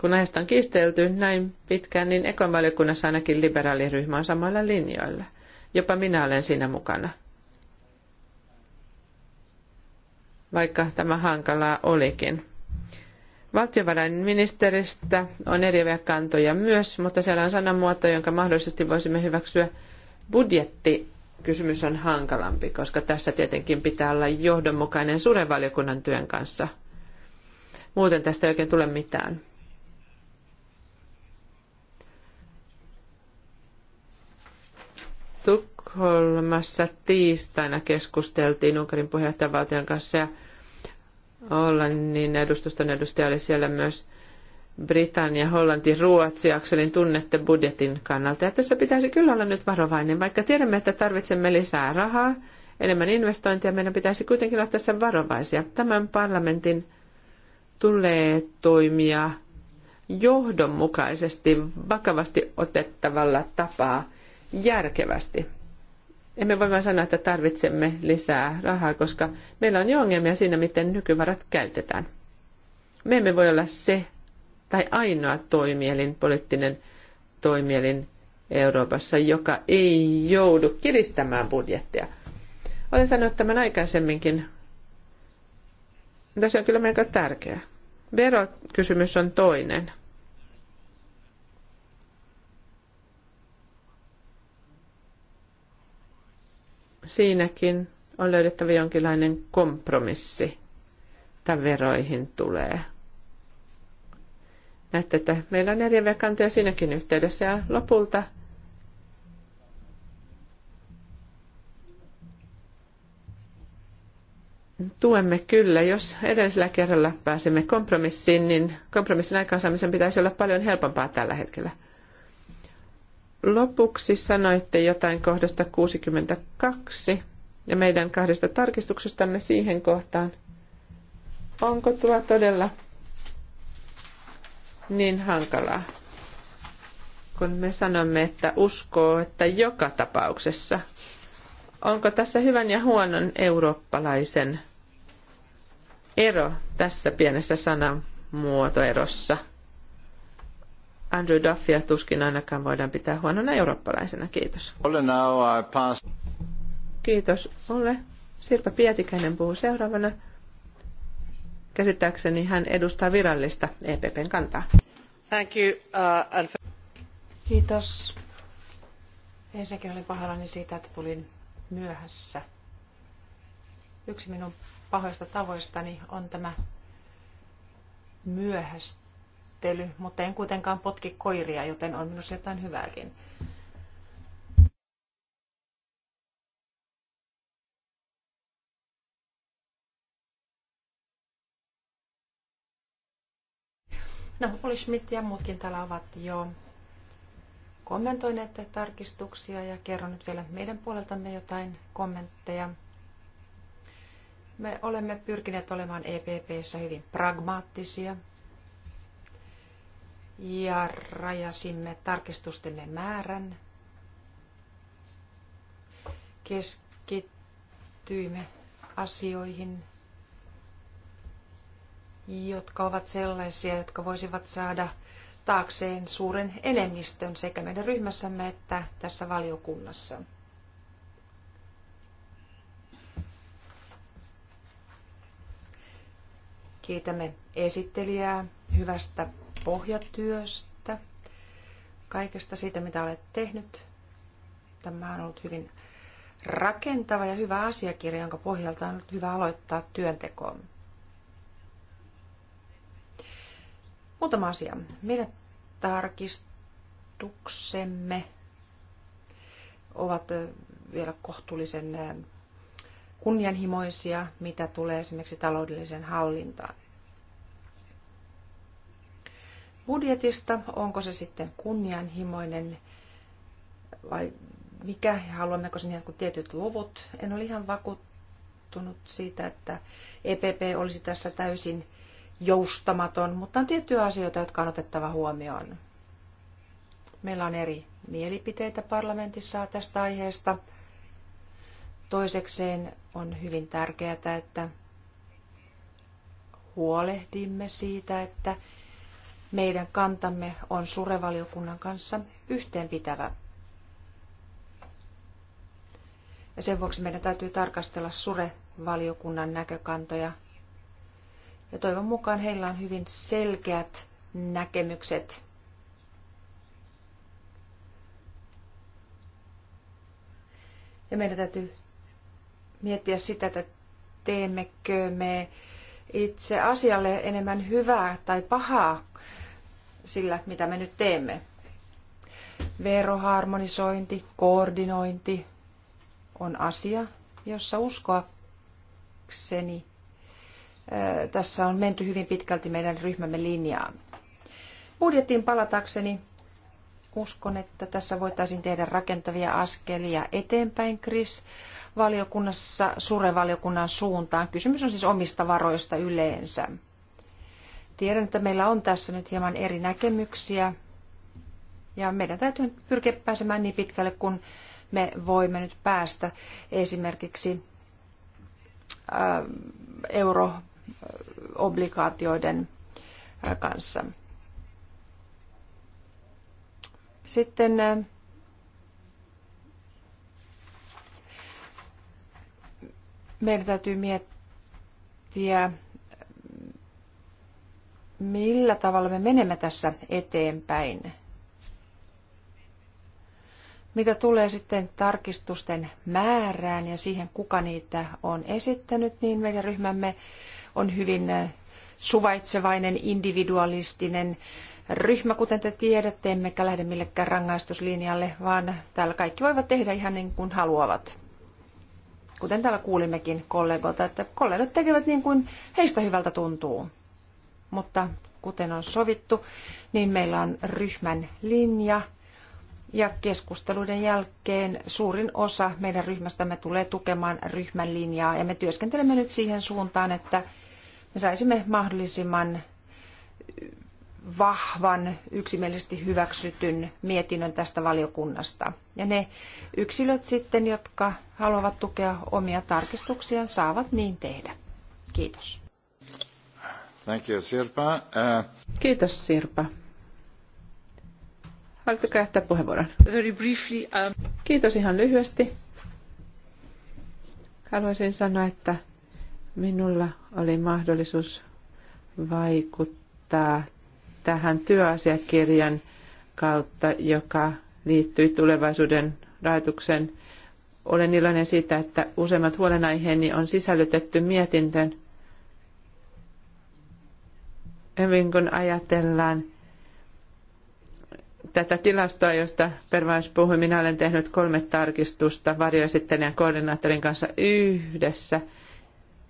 kun aiheesta on kiistelty näin pitkään, niin ekonvaliokunnassa ainakin liberaaliryhmä on samoilla linjoilla. Jopa minä olen siinä mukana. Vaikka tämä hankalaa olikin. Valtiovarainministeristä on eriäviä kantoja myös, mutta siellä on sanamuoto, jonka mahdollisesti voisimme hyväksyä. Budjettikysymys on hankalampi, koska tässä tietenkin pitää olla johdonmukainen suuren valiokunnan työn kanssa. Muuten tästä ei oikein tule mitään. Tukholmassa tiistaina keskusteltiin Unkarin puheenjohtajavaltion kanssa ja Hollannin edustuston edustaja oli siellä myös Britannia, Hollanti, Ruotsi, Akselin tunnette budjetin kannalta. Ja tässä pitäisi kyllä olla nyt varovainen, vaikka tiedämme, että tarvitsemme lisää rahaa, enemmän investointia, meidän pitäisi kuitenkin olla tässä varovaisia. Tämän parlamentin tulee toimia johdonmukaisesti, vakavasti otettavalla tapaa järkevästi. Emme voi vain sanoa, että tarvitsemme lisää rahaa, koska meillä on jo ongelmia siinä, miten nykyvarat käytetään. Me emme voi olla se tai ainoa toimielin, poliittinen toimielin Euroopassa, joka ei joudu kiristämään budjettia. Olen sanonut tämän aikaisemminkin. Tässä on kyllä melko tärkeää. Verokysymys on toinen. siinäkin on löydettävä jonkinlainen kompromissi, mitä veroihin tulee. Näette, että meillä on eriäviä kantoja siinäkin yhteydessä ja lopulta tuemme kyllä. Jos edellisellä kerralla pääsemme kompromissiin, niin kompromissin aikaansaamisen pitäisi olla paljon helpompaa tällä hetkellä lopuksi sanoitte jotain kohdasta 62 ja meidän kahdesta tarkistuksestanne siihen kohtaan. Onko tuo todella niin hankalaa, kun me sanomme, että uskoo, että joka tapauksessa. Onko tässä hyvän ja huonon eurooppalaisen ero tässä pienessä sanamuotoerossa – Andrew Duffia tuskin ainakaan voidaan pitää huonona eurooppalaisena. Kiitos. Kiitos ole. Sirpa Pietikäinen puhuu seuraavana. Käsittääkseni hän edustaa virallista EPPn kantaa. Thank you, uh, Kiitos. Ensinnäkin olin pahoillani siitä, että tulin myöhässä. Yksi minun pahoista tavoistani on tämä myöhästyminen käsittely, mutta en kuitenkaan potki koiria, joten on minusta jotain hyvääkin. No, Oli Schmidt ja muutkin täällä ovat jo kommentoineet tarkistuksia ja kerron nyt vielä meidän puoleltamme jotain kommentteja. Me olemme pyrkineet olemaan EPPssä hyvin pragmaattisia – ja rajasimme tarkistustemme määrän. Keskittyimme asioihin, jotka ovat sellaisia, jotka voisivat saada taakseen suuren enemmistön sekä meidän ryhmässämme että tässä valiokunnassa. Kiitämme esittelijää hyvästä pohjatyöstä, kaikesta siitä, mitä olet tehnyt. Tämä on ollut hyvin rakentava ja hyvä asiakirja, jonka pohjalta on ollut hyvä aloittaa työntekoon. Muutama asia. Meidän tarkistuksemme ovat vielä kohtuullisen kunnianhimoisia, mitä tulee esimerkiksi taloudelliseen hallintaan budjetista, onko se sitten kunnianhimoinen vai mikä, haluammeko sinne jotkut tietyt luvut. En ole ihan vakuuttunut siitä, että EPP olisi tässä täysin joustamaton, mutta on tiettyjä asioita, jotka on otettava huomioon. Meillä on eri mielipiteitä parlamentissa tästä aiheesta. Toisekseen on hyvin tärkeää, että huolehdimme siitä, että meidän kantamme on surevaliokunnan kanssa yhteenpitävä. Ja sen vuoksi meidän täytyy tarkastella surevaliokunnan näkökantoja. Ja toivon mukaan heillä on hyvin selkeät näkemykset Ja meidän täytyy miettiä sitä, että teemmekö me itse asialle enemmän hyvää tai pahaa sillä, mitä me nyt teemme. Veroharmonisointi, koordinointi on asia, jossa uskoakseni tässä on menty hyvin pitkälti meidän ryhmämme linjaan. Budjettiin palatakseni uskon, että tässä voitaisiin tehdä rakentavia askelia eteenpäin, Kris valiokunnassa, surevaliokunnan suuntaan. Kysymys on siis omista varoista yleensä tiedän, että meillä on tässä nyt hieman eri näkemyksiä ja meidän täytyy nyt pyrkiä pääsemään niin pitkälle, kun me voimme nyt päästä esimerkiksi äh, euroobligaatioiden äh, kanssa. Sitten äh, meidän täytyy miettiä millä tavalla me menemme tässä eteenpäin. Mitä tulee sitten tarkistusten määrään ja siihen, kuka niitä on esittänyt, niin meidän ryhmämme on hyvin äh, suvaitsevainen, individualistinen ryhmä, kuten te tiedätte, emmekä lähde millekään rangaistuslinjalle, vaan täällä kaikki voivat tehdä ihan niin kuin haluavat. Kuten täällä kuulimmekin kollegoilta, että kollegat tekevät niin kuin heistä hyvältä tuntuu mutta kuten on sovittu, niin meillä on ryhmän linja ja keskusteluiden jälkeen suurin osa meidän ryhmästämme tulee tukemaan ryhmän linjaa ja me työskentelemme nyt siihen suuntaan, että me saisimme mahdollisimman vahvan, yksimielisesti hyväksytyn mietinnön tästä valiokunnasta. Ja ne yksilöt sitten, jotka haluavat tukea omia tarkistuksiaan, saavat niin tehdä. Kiitos. Thank you, Sirpa. Uh... Kiitos, Sirpa. Haluatteko jättää puheenvuoron? Very briefly, um... Kiitos ihan lyhyesti. Haluaisin sanoa, että minulla oli mahdollisuus vaikuttaa tähän työasiakirjan kautta, joka liittyy tulevaisuuden rahoituksen. Olen iloinen siitä, että useimmat huolenaiheeni on sisällytetty mietintöön hyvin, kun ajatellaan tätä tilastoa, josta Pervais puhui. Minä olen tehnyt kolme tarkistusta varjoesittelijän koordinaattorin kanssa yhdessä.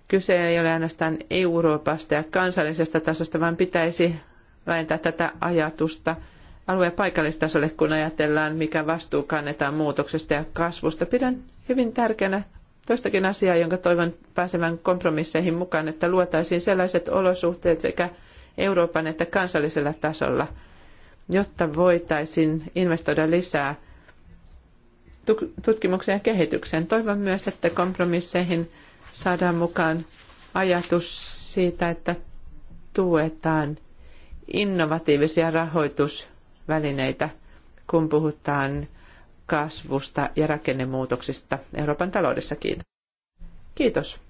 Kyse ei ole ainoastaan Euroopasta ja kansallisesta tasosta, vaan pitäisi laajentaa tätä ajatusta alue- ja paikallistasolle, kun ajatellaan, mikä vastuu kannetaan muutoksesta ja kasvusta. Pidän hyvin tärkeänä toistakin asiaa, jonka toivon pääsevän kompromisseihin mukaan, että luotaisiin sellaiset olosuhteet sekä Euroopan että kansallisella tasolla, jotta voitaisiin investoida lisää tutkimukseen ja kehitykseen. Toivon myös, että kompromisseihin saadaan mukaan ajatus siitä, että tuetaan innovatiivisia rahoitusvälineitä, kun puhutaan kasvusta ja rakennemuutoksista Euroopan taloudessa. Kiitos. Kiitos.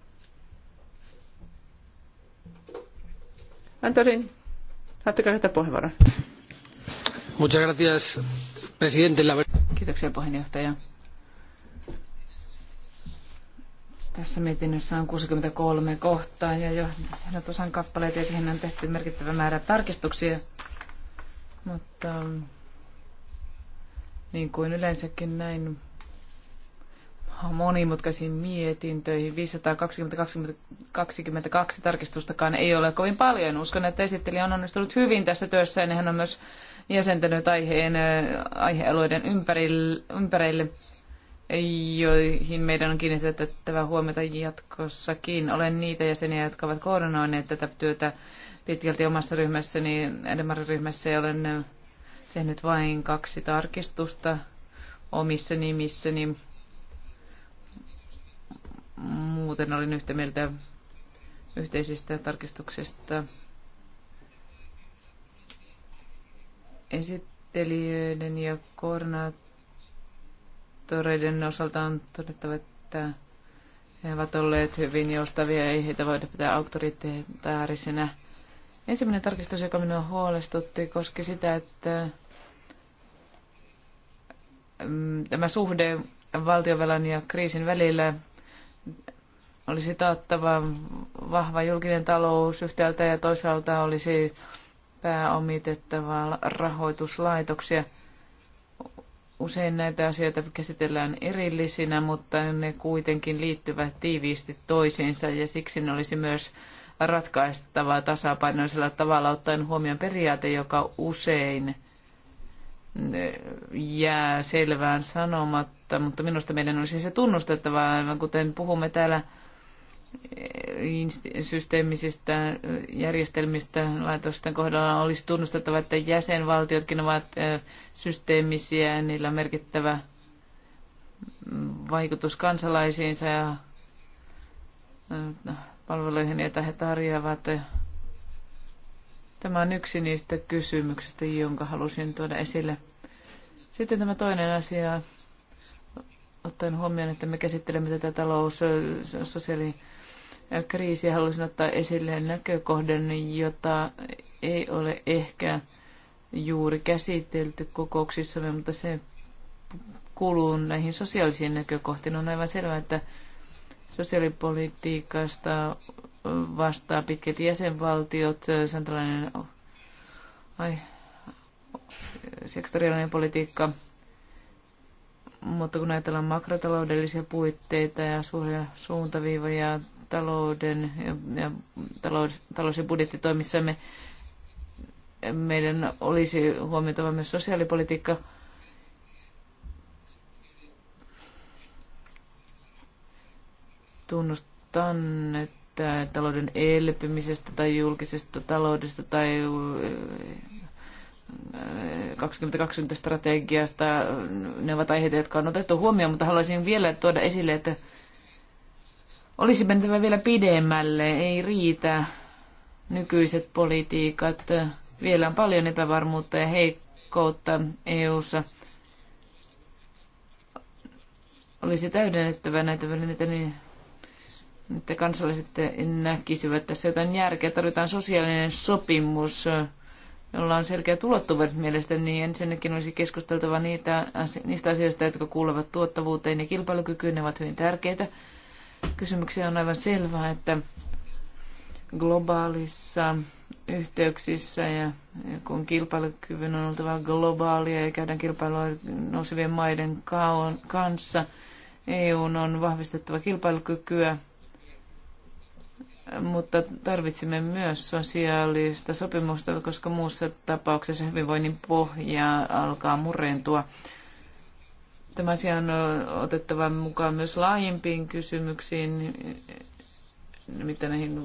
Antorin, haluatteko käyttää puheenvuoron? Muchas gracias, presidente. Kiitoksia puheenjohtaja. Tässä mietinnössä on 63 kohtaa ja jo osan kappaleita ja siihen on tehty merkittävä määrä tarkistuksia. Mutta mm, niin kuin yleensäkin näin monimutkaisiin mietintöihin. 520-22 tarkistustakaan ei ole kovin paljon. Uskon, että esittelijä on onnistunut hyvin tässä työssä ja hän on myös jäsentänyt aiheen, äh, aihealueiden ympärille, ympärille, joihin meidän on kiinnitettävä huomiota jatkossakin. Olen niitä jäseniä, jotka ovat koordinoineet tätä työtä pitkälti omassa ryhmässäni, Edemarin ryhmässä ja olen äh, tehnyt vain kaksi tarkistusta omissa nimissäni. Niin Muuten olin yhtä mieltä yhteisistä tarkistuksista. Esittelijöiden ja koordinaattoreiden osalta on todettava, että he ovat olleet hyvin joustavia, ei heitä voida pitää auktoriteetäärisinä. Ensimmäinen tarkistus, joka minua huolestutti, koski sitä, että mm, tämä suhde valtiovelan ja kriisin välillä olisi taattava vahva julkinen talous yhtäältä ja toisaalta olisi pääomitettava rahoituslaitoksia. Usein näitä asioita käsitellään erillisinä, mutta ne kuitenkin liittyvät tiiviisti toisiinsa ja siksi ne olisi myös ratkaistava tasapainoisella tavalla ottaen huomioon periaate, joka usein jää selvään sanomatta, mutta minusta meidän olisi se tunnustettava, aivan kuten puhumme täällä systeemisistä järjestelmistä laitosten kohdalla olisi tunnustettava, että jäsenvaltiotkin ovat systeemisiä ja niillä on merkittävä vaikutus kansalaisiinsa ja palveluihin, joita he tarjoavat. Tämä on yksi niistä kysymyksistä, jonka halusin tuoda esille. Sitten tämä toinen asia, ottaen huomioon, että me käsittelemme tätä talous- sosiaali- kriisiä, haluaisin ottaa esille näkökohdan, jota ei ole ehkä juuri käsitelty kokouksissamme, mutta se kuuluu näihin sosiaalisiin näkökohtiin. On aivan selvää, että sosiaalipolitiikasta vastaa pitkät jäsenvaltiot, se on tällainen ai, sektoriallinen politiikka, mutta kun ajatellaan makrotaloudellisia puitteita ja suuria suuntaviivoja talouden ja talous, talous- ja budjettitoimissamme meidän olisi huomioitava myös sosiaalipolitiikka. Tunnustan, että talouden elpymisestä tai julkisesta taloudesta tai 2020 äh, strategiasta, ne ovat aiheita, jotka on otettu huomioon, mutta haluaisin vielä tuoda esille, että olisi mentävä vielä pidemmälle, ei riitä nykyiset politiikat. Vielä on paljon epävarmuutta ja heikkoutta EU:ssa. Olisi täydennettävä näitä välineitä niin että kansalaiset näkisivät tässä jotain järkeä. Tarvitaan sosiaalinen sopimus, jolla on selkeä ulottuvuudet mielestäni, niin ensinnäkin olisi keskusteltava niitä, niistä asioista, jotka kuuluvat tuottavuuteen ja kilpailukykyyn. Ne ovat hyvin tärkeitä kysymyksiä, on aivan selvää, että globaalissa yhteyksissä ja kun kilpailukyvyn on oltava globaalia ja käydään kilpailua nousevien maiden kanssa, EUn on vahvistettava kilpailukykyä, mutta tarvitsemme myös sosiaalista sopimusta, koska muussa tapauksessa hyvinvoinnin pohja alkaa murentua. Tämä asia on otettava mukaan myös laajempiin kysymyksiin, mitä näihin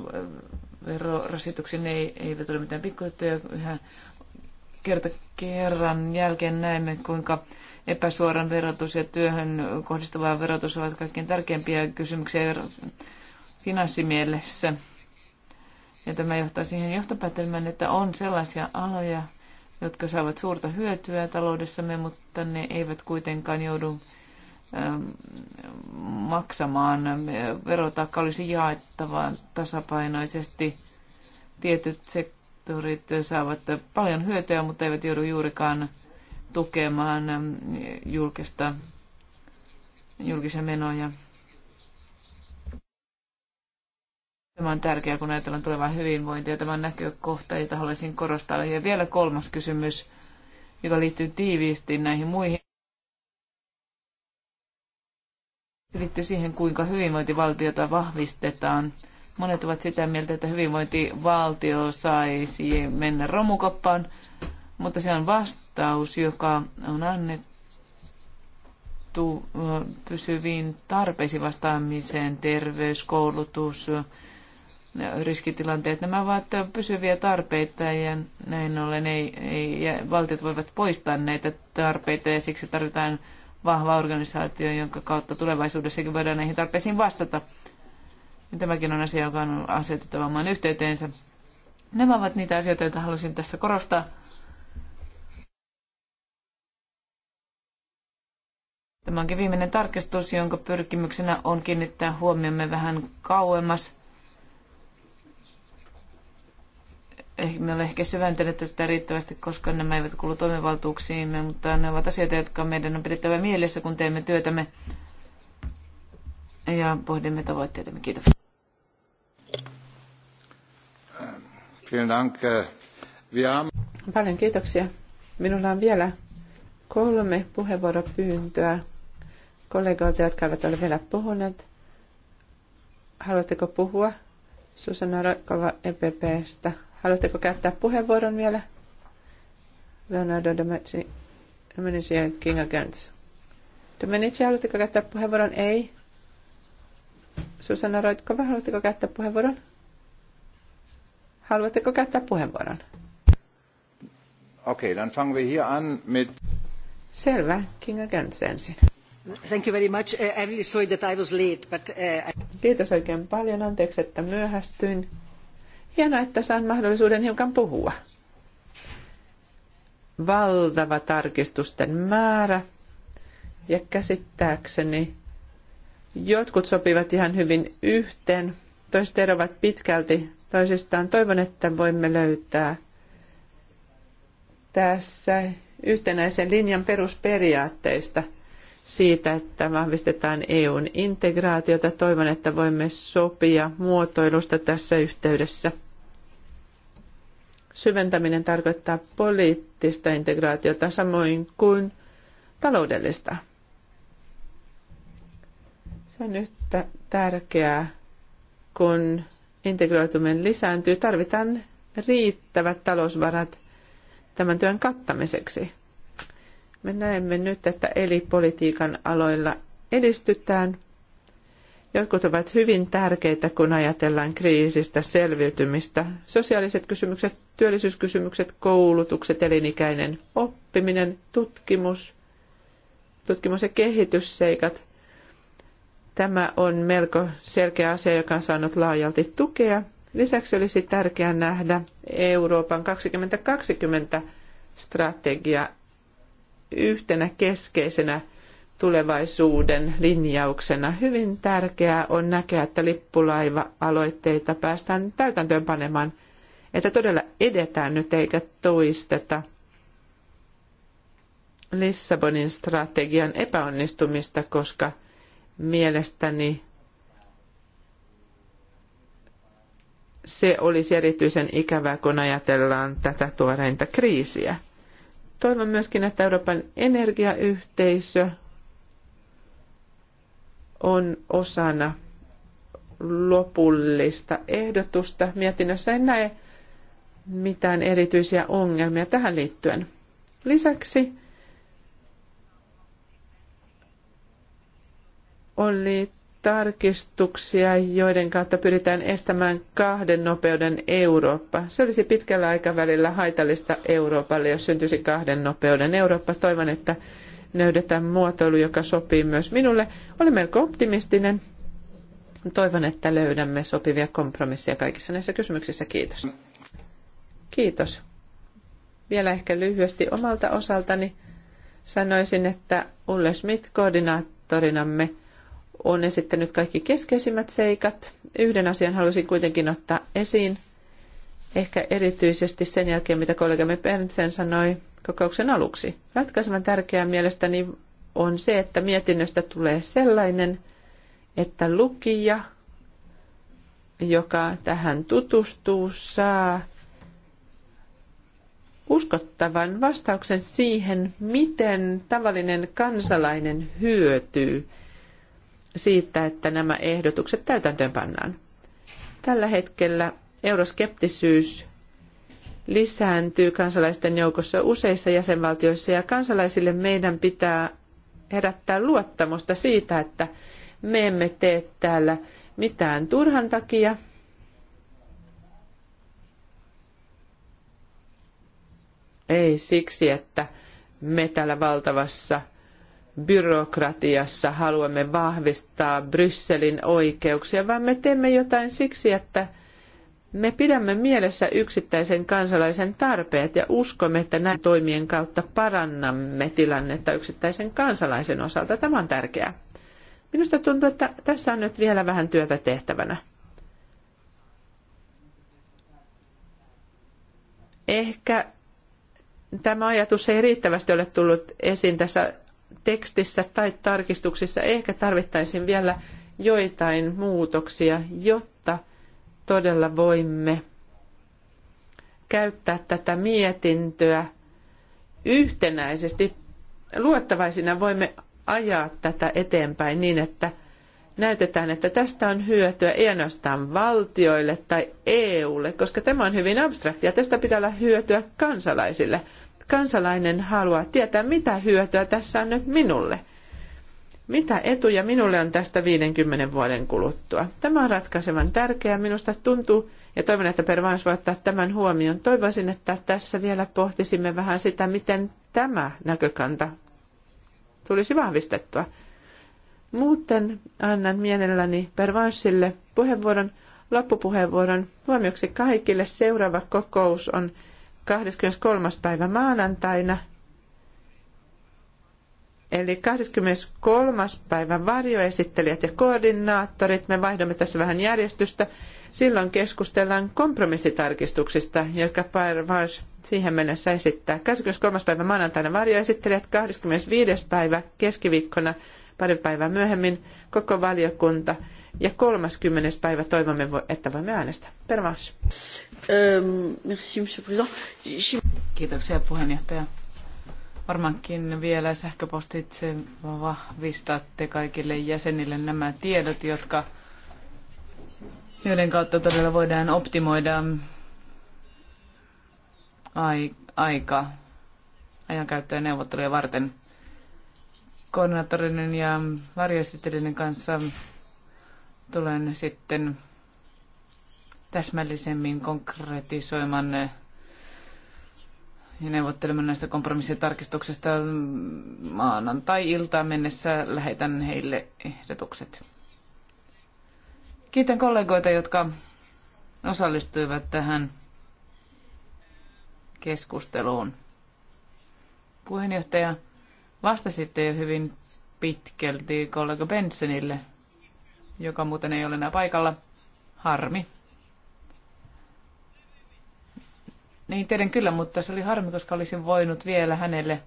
verorasituksiin ei, ei ole mitään pikkujuttuja. Yhä kerta kerran jälkeen näemme, kuinka epäsuoran verotus ja työhön kohdistuva verotus ovat kaikkein tärkeimpiä kysymyksiä finanssimielessä. Ja tämä johtaa siihen johtopäätelmään, että on sellaisia aloja, jotka saavat suurta hyötyä taloudessamme, mutta ne eivät kuitenkaan joudu ähm, maksamaan. Verotaakka olisi jaettava tasapainoisesti. Tietyt sektorit saavat paljon hyötyä, mutta eivät joudu juurikaan tukemaan ähm, julkista, julkisia menoja. Tämä on tärkeää, kun ajatellaan tulevaa hyvinvointia. Tämä on näkökohta, jota haluaisin korostaa. Ja vielä kolmas kysymys, joka liittyy tiiviisti näihin muihin. Se liittyy siihen, kuinka hyvinvointivaltiota vahvistetaan. Monet ovat sitä mieltä, että hyvinvointivaltio saisi mennä romukoppaan, mutta se on vastaus, joka on annettu pysyviin tarpeisiin vastaamiseen, terveys, koulutus, riskitilanteet. Nämä ovat pysyviä tarpeita ja näin ollen ei, ei, ja valtiot voivat poistaa näitä tarpeita ja siksi tarvitaan vahva organisaatio, jonka kautta tulevaisuudessakin voidaan näihin tarpeisiin vastata. Ja tämäkin on asia, joka on asetettava maan yhteyteensä. Nämä ovat niitä asioita, joita halusin tässä korostaa. Tämä onkin viimeinen tarkistus, jonka pyrkimyksenä on kiinnittää huomiomme vähän kauemmas Eh, me ole ehkä syventäneet tätä riittävästi, koska nämä eivät kuulu toimivaltuuksiimme, mutta ne ovat asioita, jotka meidän on pidettävä mielessä, kun teemme työtämme ja pohdimme tavoitteitamme. Kiitos. Paljon kiitoksia. Minulla on vielä kolme puheenvuoropyyntöä kollegoilta, jotka eivät ole vielä puhuneet. Haluatteko puhua? Susanna Roikkova EPPstä. Haluatteko käyttää puheenvuoron vielä? Leonardo Domenici, ja King Against. Domenici, haluatteko käyttää puheenvuoron? Ei. Susanna Roitkova, haluatteko käyttää puheenvuoron? Haluatteko käyttää puheenvuoron? Okei, okay, dann fangen wir hier an mit... Selvä, Kinga Gans ensin. Thank you very much. Uh, I really sorry that I was late, but... Uh, I... Kiitos oikein paljon. Anteeksi, että myöhästyin. Hienoa, että saan mahdollisuuden hiukan puhua. Valtava tarkistusten määrä ja käsittääkseni jotkut sopivat ihan hyvin yhteen, toiset eroavat pitkälti toisistaan. Toivon, että voimme löytää tässä yhtenäisen linjan perusperiaatteista siitä, että vahvistetaan EUn integraatiota. Toivon, että voimme sopia muotoilusta tässä yhteydessä – syventäminen tarkoittaa poliittista integraatiota samoin kuin taloudellista. Se on yhtä tärkeää, kun integroituminen lisääntyy. Tarvitaan riittävät talousvarat tämän työn kattamiseksi. Me näemme nyt, että eli politiikan aloilla edistytään – Jotkut ovat hyvin tärkeitä, kun ajatellaan kriisistä selviytymistä. Sosiaaliset kysymykset, työllisyyskysymykset, koulutukset, elinikäinen oppiminen, tutkimus, tutkimus- ja kehitysseikat. Tämä on melko selkeä asia, joka on saanut laajalti tukea. Lisäksi olisi tärkeää nähdä Euroopan 2020 strategia yhtenä keskeisenä tulevaisuuden linjauksena. Hyvin tärkeää on näkeä, että lippulaiva-aloitteita päästään täytäntöönpanemaan, että todella edetään nyt eikä toisteta Lissabonin strategian epäonnistumista, koska mielestäni se olisi erityisen ikävää, kun ajatellaan tätä tuoreinta kriisiä. Toivon myöskin, että Euroopan energiayhteisö on osana lopullista ehdotusta. Mietinnössä en näe mitään erityisiä ongelmia tähän liittyen. Lisäksi oli tarkistuksia, joiden kautta pyritään estämään kahden nopeuden Eurooppa. Se olisi pitkällä aikavälillä haitallista Euroopalle, jos syntyisi kahden nopeuden Eurooppa. Toivon, että löydetään muotoilu, joka sopii myös minulle. Olen melko optimistinen. Toivon, että löydämme sopivia kompromisseja kaikissa näissä kysymyksissä. Kiitos. Kiitos. Vielä ehkä lyhyesti omalta osaltani sanoisin, että Ulle Schmidt koordinaattorinamme on esittänyt kaikki keskeisimmät seikat. Yhden asian halusin kuitenkin ottaa esiin ehkä erityisesti sen jälkeen, mitä kollegamme Pernsen sanoi kokouksen aluksi. Ratkaisevan tärkeää mielestäni on se, että mietinnöstä tulee sellainen, että lukija, joka tähän tutustuu, saa uskottavan vastauksen siihen, miten tavallinen kansalainen hyötyy siitä, että nämä ehdotukset täytäntöön pannaan. Tällä hetkellä euroskeptisyys lisääntyy kansalaisten joukossa useissa jäsenvaltioissa ja kansalaisille meidän pitää herättää luottamusta siitä, että me emme tee täällä mitään turhan takia. Ei siksi, että me täällä valtavassa byrokratiassa haluamme vahvistaa Brysselin oikeuksia, vaan me teemme jotain siksi, että – me pidämme mielessä yksittäisen kansalaisen tarpeet ja uskomme, että näiden toimien kautta parannamme tilannetta yksittäisen kansalaisen osalta. Tämä on tärkeää. Minusta tuntuu, että tässä on nyt vielä vähän työtä tehtävänä. Ehkä tämä ajatus ei riittävästi ole tullut esiin tässä tekstissä tai tarkistuksissa. Ehkä tarvittaisiin vielä joitain muutoksia, jotta todella voimme käyttää tätä mietintöä yhtenäisesti. Luottavaisina voimme ajaa tätä eteenpäin niin, että näytetään, että tästä on hyötyä ei ainoastaan valtioille tai EUlle, koska tämä on hyvin abstraktia. Tästä pitää olla hyötyä kansalaisille. Kansalainen haluaa tietää, mitä hyötyä tässä on nyt minulle – mitä etuja minulle on tästä 50 vuoden kuluttua. Tämä on ratkaisevan tärkeää. Minusta tuntuu, ja toivon, että Pervans voi ottaa tämän huomioon. Toivoisin, että tässä vielä pohtisimme vähän sitä, miten tämä näkökanta tulisi vahvistettua. Muuten annan mielelläni Pervansille puheenvuoron, loppupuheenvuoron huomioksi kaikille. Seuraava kokous on 23. päivä maanantaina Eli 23. päivän varjoesittelijät ja koordinaattorit, me vaihdamme tässä vähän järjestystä. Silloin keskustellaan kompromissitarkistuksista, jotka Parvars siihen mennessä esittää. 23. päivä maanantaina varjoesittelijät, 25. päivä keskiviikkona, pari päivää myöhemmin koko valiokunta ja 30. päivä toivomme, että voimme äänestää. Pervars. Ähm, Kiitoksia puheenjohtaja. Varmaankin vielä sähköpostitse vahvistatte kaikille jäsenille nämä tiedot, jotka, joiden kautta todella voidaan optimoida ai, aika ajankäyttöä neuvotteluja varten. Koordinaattorinen ja varjoesittelijöiden kanssa tulen sitten täsmällisemmin konkretisoimaan ja neuvottelemme näistä kompromissitarkistuksista maanantai-iltaan mennessä. Lähetän heille ehdotukset. Kiitän kollegoita, jotka osallistuivat tähän keskusteluun. Puheenjohtaja, vastasitte jo hyvin pitkälti kollega Bensonille, joka muuten ei ole enää paikalla. Harmi. Niin tiedän kyllä, mutta se oli harmi, koska olisin voinut vielä hänelle.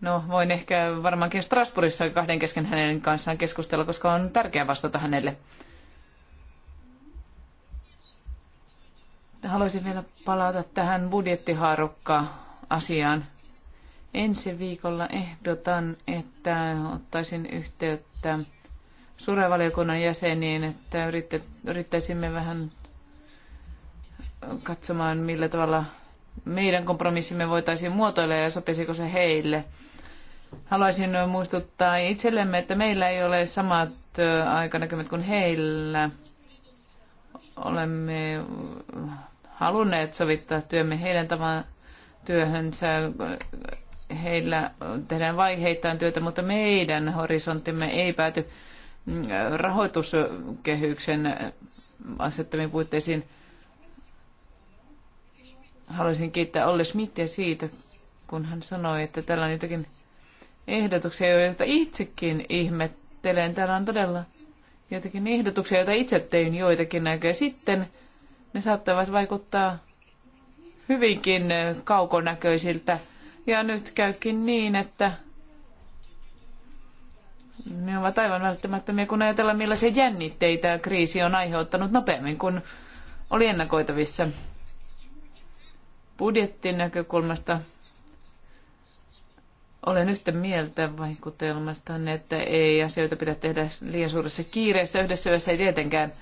No, voin ehkä varmaankin Strasbourgissa kahden kesken hänen kanssaan keskustella, koska on tärkeää vastata hänelle. Haluaisin vielä palata tähän budjettihaarukka-asiaan. Ensi viikolla ehdotan, että ottaisin yhteyttä suuren valiokunnan jäseniin, että yrittäisimme vähän katsomaan, millä tavalla meidän kompromissimme voitaisiin muotoilla ja sopisiko se heille. Haluaisin muistuttaa itsellemme, että meillä ei ole samat aikanäkymät kuin heillä. Olemme halunneet sovittaa työmme heidän tavan työhönsä. Heillä tehdään vaiheittain työtä, mutta meidän horisonttimme ei pääty mm, rahoituskehyksen asettamiin puitteisiin Haluaisin kiittää Olle Schmidtiä siitä, kun hän sanoi, että täällä on jotakin ehdotuksia, joita itsekin ihmettelen. Täällä on todella jotakin ehdotuksia, joita itse tein joitakin näköjä sitten. Ne saattavat vaikuttaa hyvinkin kaukonäköisiltä. Ja nyt käykin niin, että ne ovat aivan välttämättömiä, kun ajatellaan millaisia jännitteitä kriisi on aiheuttanut nopeammin kuin oli ennakoitavissa budjettin näkökulmasta olen yhtä mieltä vaikutelmasta, että ei asioita pidä tehdä liian suuressa kiireessä. Yhdessä yössä ei tietenkään,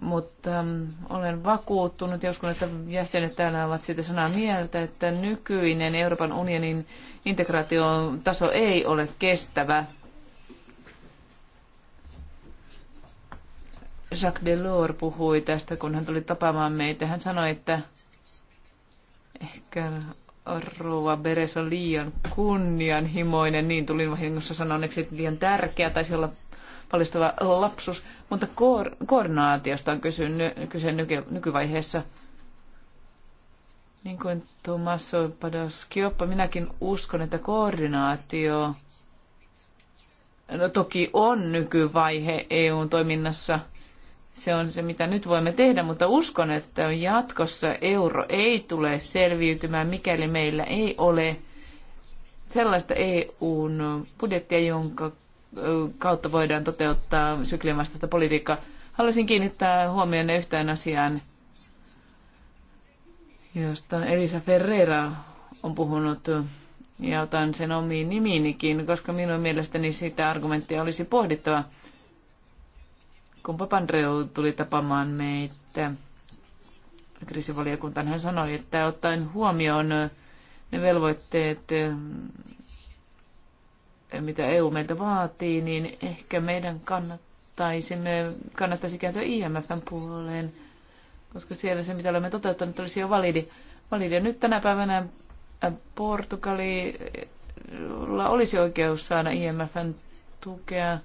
mutta mm, olen vakuuttunut, ja uskon, että jäsenet täällä ovat siitä sanaa mieltä, että nykyinen Euroopan unionin integraation taso ei ole kestävä. Jacques Delors puhui tästä, kun hän tuli tapaamaan meitä. Hän sanoi, että Ehkä Rouva Beres on liian kunnianhimoinen, niin tulin vahingossa sanoneeksi liian tärkeä, taisi olla paljastava lapsus, mutta koor- koordinaatiosta on kyse, kyse nyky- nykyvaiheessa. Niin kuin Tommaso Padoskioppa, minäkin uskon, että koordinaatio no toki on nykyvaihe EUn toiminnassa – se on se, mitä nyt voimme tehdä, mutta uskon, että jatkossa euro ei tule selviytymään, mikäli meillä ei ole sellaista EUn budjettia, jonka kautta voidaan toteuttaa syklin vastaista politiikkaa. Haluaisin kiinnittää huomioon yhtään asiaan, josta Elisa Ferreira on puhunut, ja otan sen omiin nimiinikin, koska minun mielestäni sitä argumenttia olisi pohdittava kun Papandreou tuli tapaamaan meitä kriisivaliokuntaan, hän sanoi, että ottaen huomioon ne velvoitteet, mitä EU meiltä vaatii, niin ehkä meidän kannattaisimme, kannattaisi kääntyä IMFn puoleen, koska siellä se, mitä olemme toteuttaneet, olisi jo validi. validi. Nyt tänä päivänä Portugali olisi oikeus saada IMFn tukea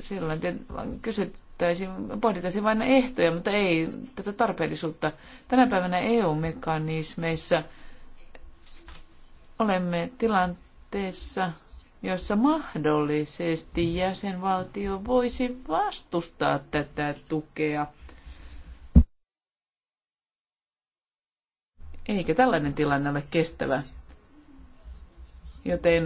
silloin kysyttäisiin, pohdittaisiin vain ehtoja, mutta ei tätä tarpeellisuutta. Tänä päivänä EU-mekanismeissa olemme tilanteessa, jossa mahdollisesti jäsenvaltio voisi vastustaa tätä tukea. Eikä tällainen tilanne ole kestävä. Joten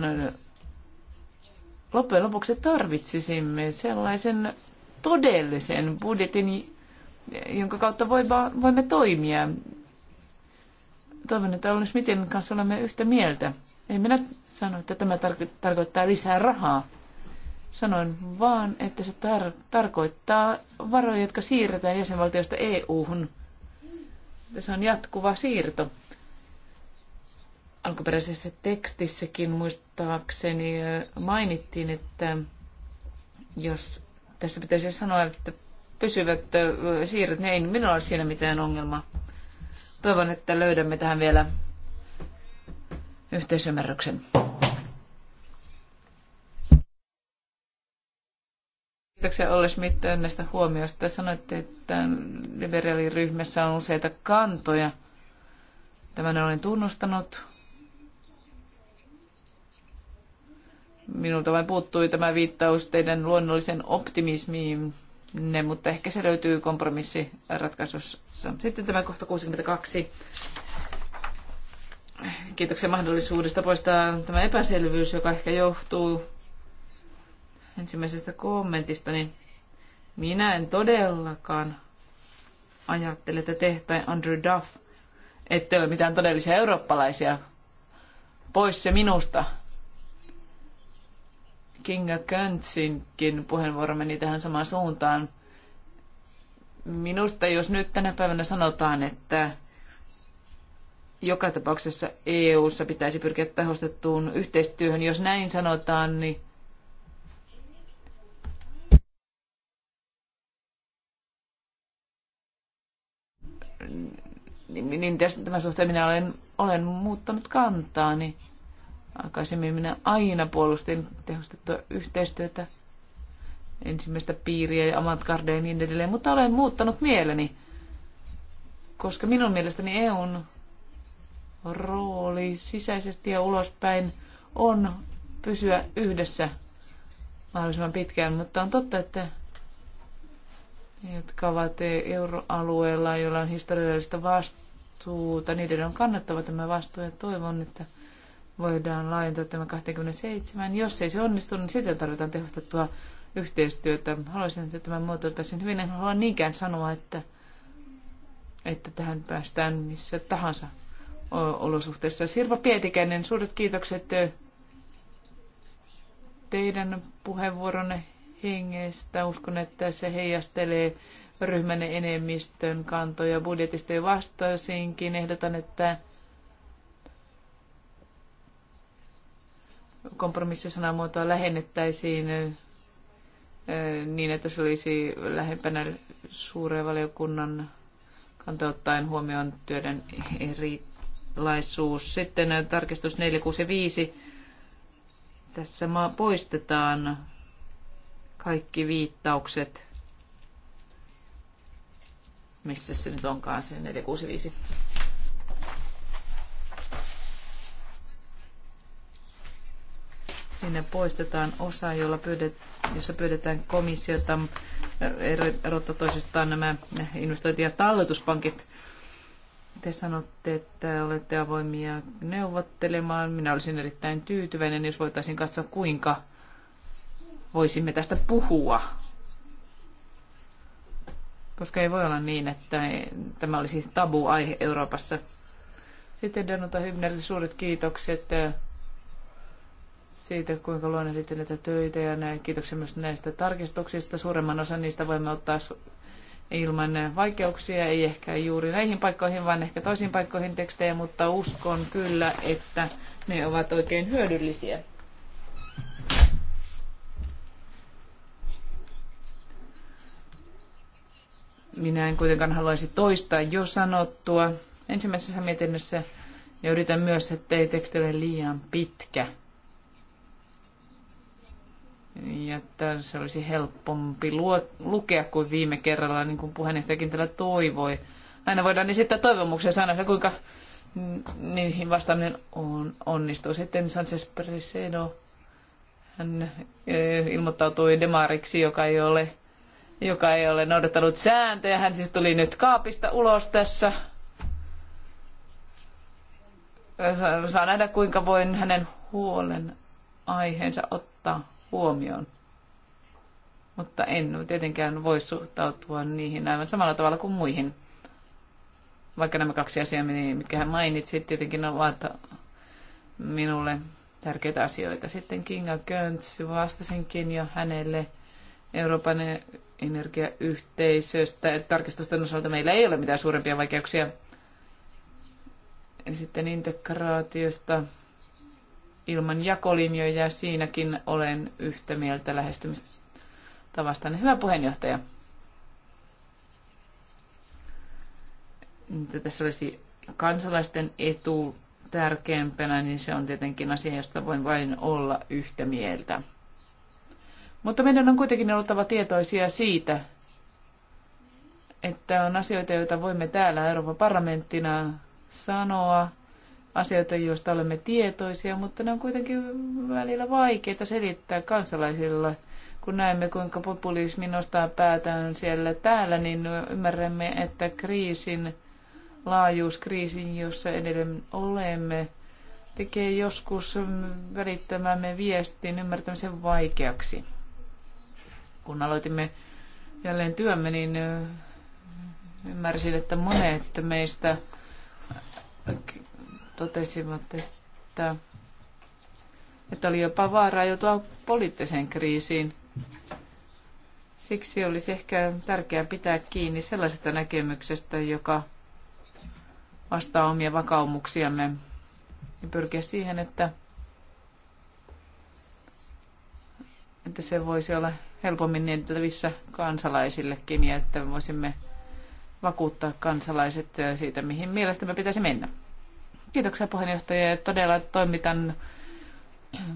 loppujen lopuksi tarvitsisimme sellaisen todellisen budjetin, jonka kautta voimme toimia. Toivon, että olisi miten kanssa olemme yhtä mieltä. Ei minä sano, että tämä tarko- tarkoittaa lisää rahaa. Sanoin vaan, että se tar- tarkoittaa varoja, jotka siirretään jäsenvaltiosta EU-hun. Se on jatkuva siirto alkuperäisessä tekstissäkin muistaakseni mainittiin, että jos tässä pitäisi sanoa, että pysyvät siirrot, niin ei minulla ole siinä mitään ongelmaa. Toivon, että löydämme tähän vielä yhteisymmärryksen. Kiitoksia Olle Schmidt näistä huomioista. Sanoitte, että liberaaliryhmässä on useita kantoja. Tämän olen tunnustanut Minulta vain puuttui tämä viittaus teidän luonnollisen optimismiin, mutta ehkä se löytyy kompromissiratkaisussa. Sitten tämä kohta 62. Kiitoksia mahdollisuudesta poistaa tämä epäselvyys, joka ehkä johtuu ensimmäisestä kommentista, niin minä en todellakaan ajattele, että te tai Andrew Duff ette ole mitään todellisia eurooppalaisia. Pois se minusta. Kinga Köntsinkin puheenvuoro meni niin tähän samaan suuntaan. Minusta jos nyt tänä päivänä sanotaan, että joka tapauksessa EU:ssa pitäisi pyrkiä tehostettuun yhteistyöhön, jos näin sanotaan, niin, niin niin, niin tässä tämän suhteen minä olen, olen muuttanut kantaani. Niin Aikaisemmin minä aina puolustin tehostettua yhteistyötä, ensimmäistä piiriä ja avantgardeja ja niin edelleen, mutta olen muuttanut mieleni, koska minun mielestäni EUn rooli sisäisesti ja ulospäin on pysyä yhdessä mahdollisimman pitkään, mutta on totta, että ne, jotka ovat euroalueella, joilla on historiallista vastuuta, niiden on kannattava tämä vastuu ja toivon, että – voidaan laajentaa tämä 27. Jos ei se onnistu, niin sitten tarvitaan tehostettua yhteistyötä. Haluaisin, että tämä muotoiltaisiin hyvin. En halua niinkään sanoa, että, että tähän päästään missä tahansa olosuhteessa. Sirpa Pietikäinen, suuret kiitokset teidän puheenvuoronne hengestä. Uskon, että se heijastelee ryhmänne enemmistön kantoja budjetista jo vastaisinkin. Ehdotan, että kompromissisanamuotoa lähennettäisiin niin, että se olisi lähempänä suuren valiokunnan kanta ottaen huomioon työden erilaisuus. Sitten tarkistus 465. Tässä poistetaan kaikki viittaukset. Missä se nyt onkaan se 465? Sinne niin poistetaan osa, jolla pyydet, jossa pyydetään komissiota eh, erottaa toisistaan nämä investointi- ja talletuspankit. Te sanotte, että olette avoimia neuvottelemaan. Minä olisin erittäin tyytyväinen, jos voitaisiin katsoa, kuinka voisimme tästä puhua. Koska ei voi olla niin, että tämä olisi tabu aihe Euroopassa. Sitten Danuta Hybnerille suuret kiitokset eh, siitä, kuinka luonnehditte näitä töitä ja näin. Kiitoksia myös näistä tarkistuksista. Suuremman osan niistä voimme ottaa ilman vaikeuksia, ei ehkä juuri näihin paikkoihin, vaan ehkä toisiin paikkoihin tekstejä, mutta uskon kyllä, että ne ovat oikein hyödyllisiä. Minä en kuitenkaan haluaisi toistaa jo sanottua ensimmäisessä mietinnössä, ja yritän myös, ettei teksti ole liian pitkä. Ja se olisi helpompi luo, lukea kuin viime kerralla, niin kuin puheenjohtajakin täällä toivoi. Aina voidaan esittää toivomuksia sanoa, kuinka niihin vastaaminen on, onnistuu. Sitten Sanchez Presedo, hän ilmoittautui demariksi, joka ei ole joka ei ole noudattanut sääntöjä. Hän siis tuli nyt kaapista ulos tässä. Saa nähdä, kuinka voin hänen huolen aiheensa ottaa huomioon. Mutta en tietenkään voi suhtautua niihin aivan samalla tavalla kuin muihin. Vaikka nämä kaksi asiaa, mitkä hän mainitsi, tietenkin ovat minulle tärkeitä asioita. Sitten Kinga Köntz vastasinkin jo hänelle Euroopan energiayhteisöstä. Tarkistusten osalta meillä ei ole mitään suurempia vaikeuksia. Sitten integraatiosta ilman jakolinjoja. Siinäkin olen yhtä mieltä lähestymistavasta. Hyvä puheenjohtaja. tässä olisi kansalaisten etu tärkeämpänä, niin se on tietenkin asia, josta voin vain olla yhtä mieltä. Mutta meidän on kuitenkin oltava tietoisia siitä, että on asioita, joita voimme täällä Euroopan parlamenttina sanoa asioita, joista olemme tietoisia, mutta ne on kuitenkin välillä vaikeita selittää kansalaisilla. Kun näemme, kuinka populismi nostaa päätään siellä täällä, niin ymmärrämme, että kriisin laajuus, kriisin, jossa edelleen olemme, tekee joskus välittämämme viestin ymmärtämisen vaikeaksi. Kun aloitimme jälleen työmme, niin ymmärsin, että monet meistä totesivat, että, että oli jopa vaara joutua poliittiseen kriisiin. Siksi olisi ehkä tärkeää pitää kiinni sellaisesta näkemyksestä, joka vastaa omia vakaumuksiamme ja pyrkiä siihen, että, että se voisi olla helpommin nieltävissä kansalaisillekin ja että voisimme vakuuttaa kansalaiset siitä, mihin me pitäisi mennä. Kiitoksia puheenjohtaja. Todella toimitan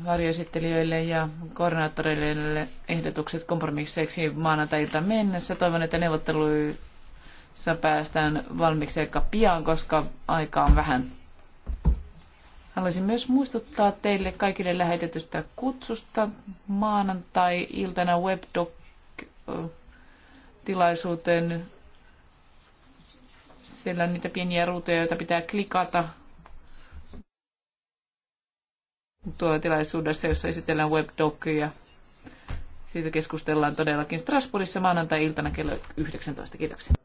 varjoesittelijöille ja koordinaattoreille ehdotukset kompromisseiksi maanantai mennessä. Toivon, että neuvotteluissa päästään valmiiksi aika pian, koska aika on vähän. Haluaisin myös muistuttaa teille kaikille lähetetystä kutsusta maanantai-iltana webdoc-tilaisuuteen. Siellä on niitä pieniä ruutuja, joita pitää klikata tuolla tilaisuudessa, jossa esitellään webdocia. Siitä keskustellaan todellakin Strasbourgissa maanantai-iltana kello 19. Kiitoksia.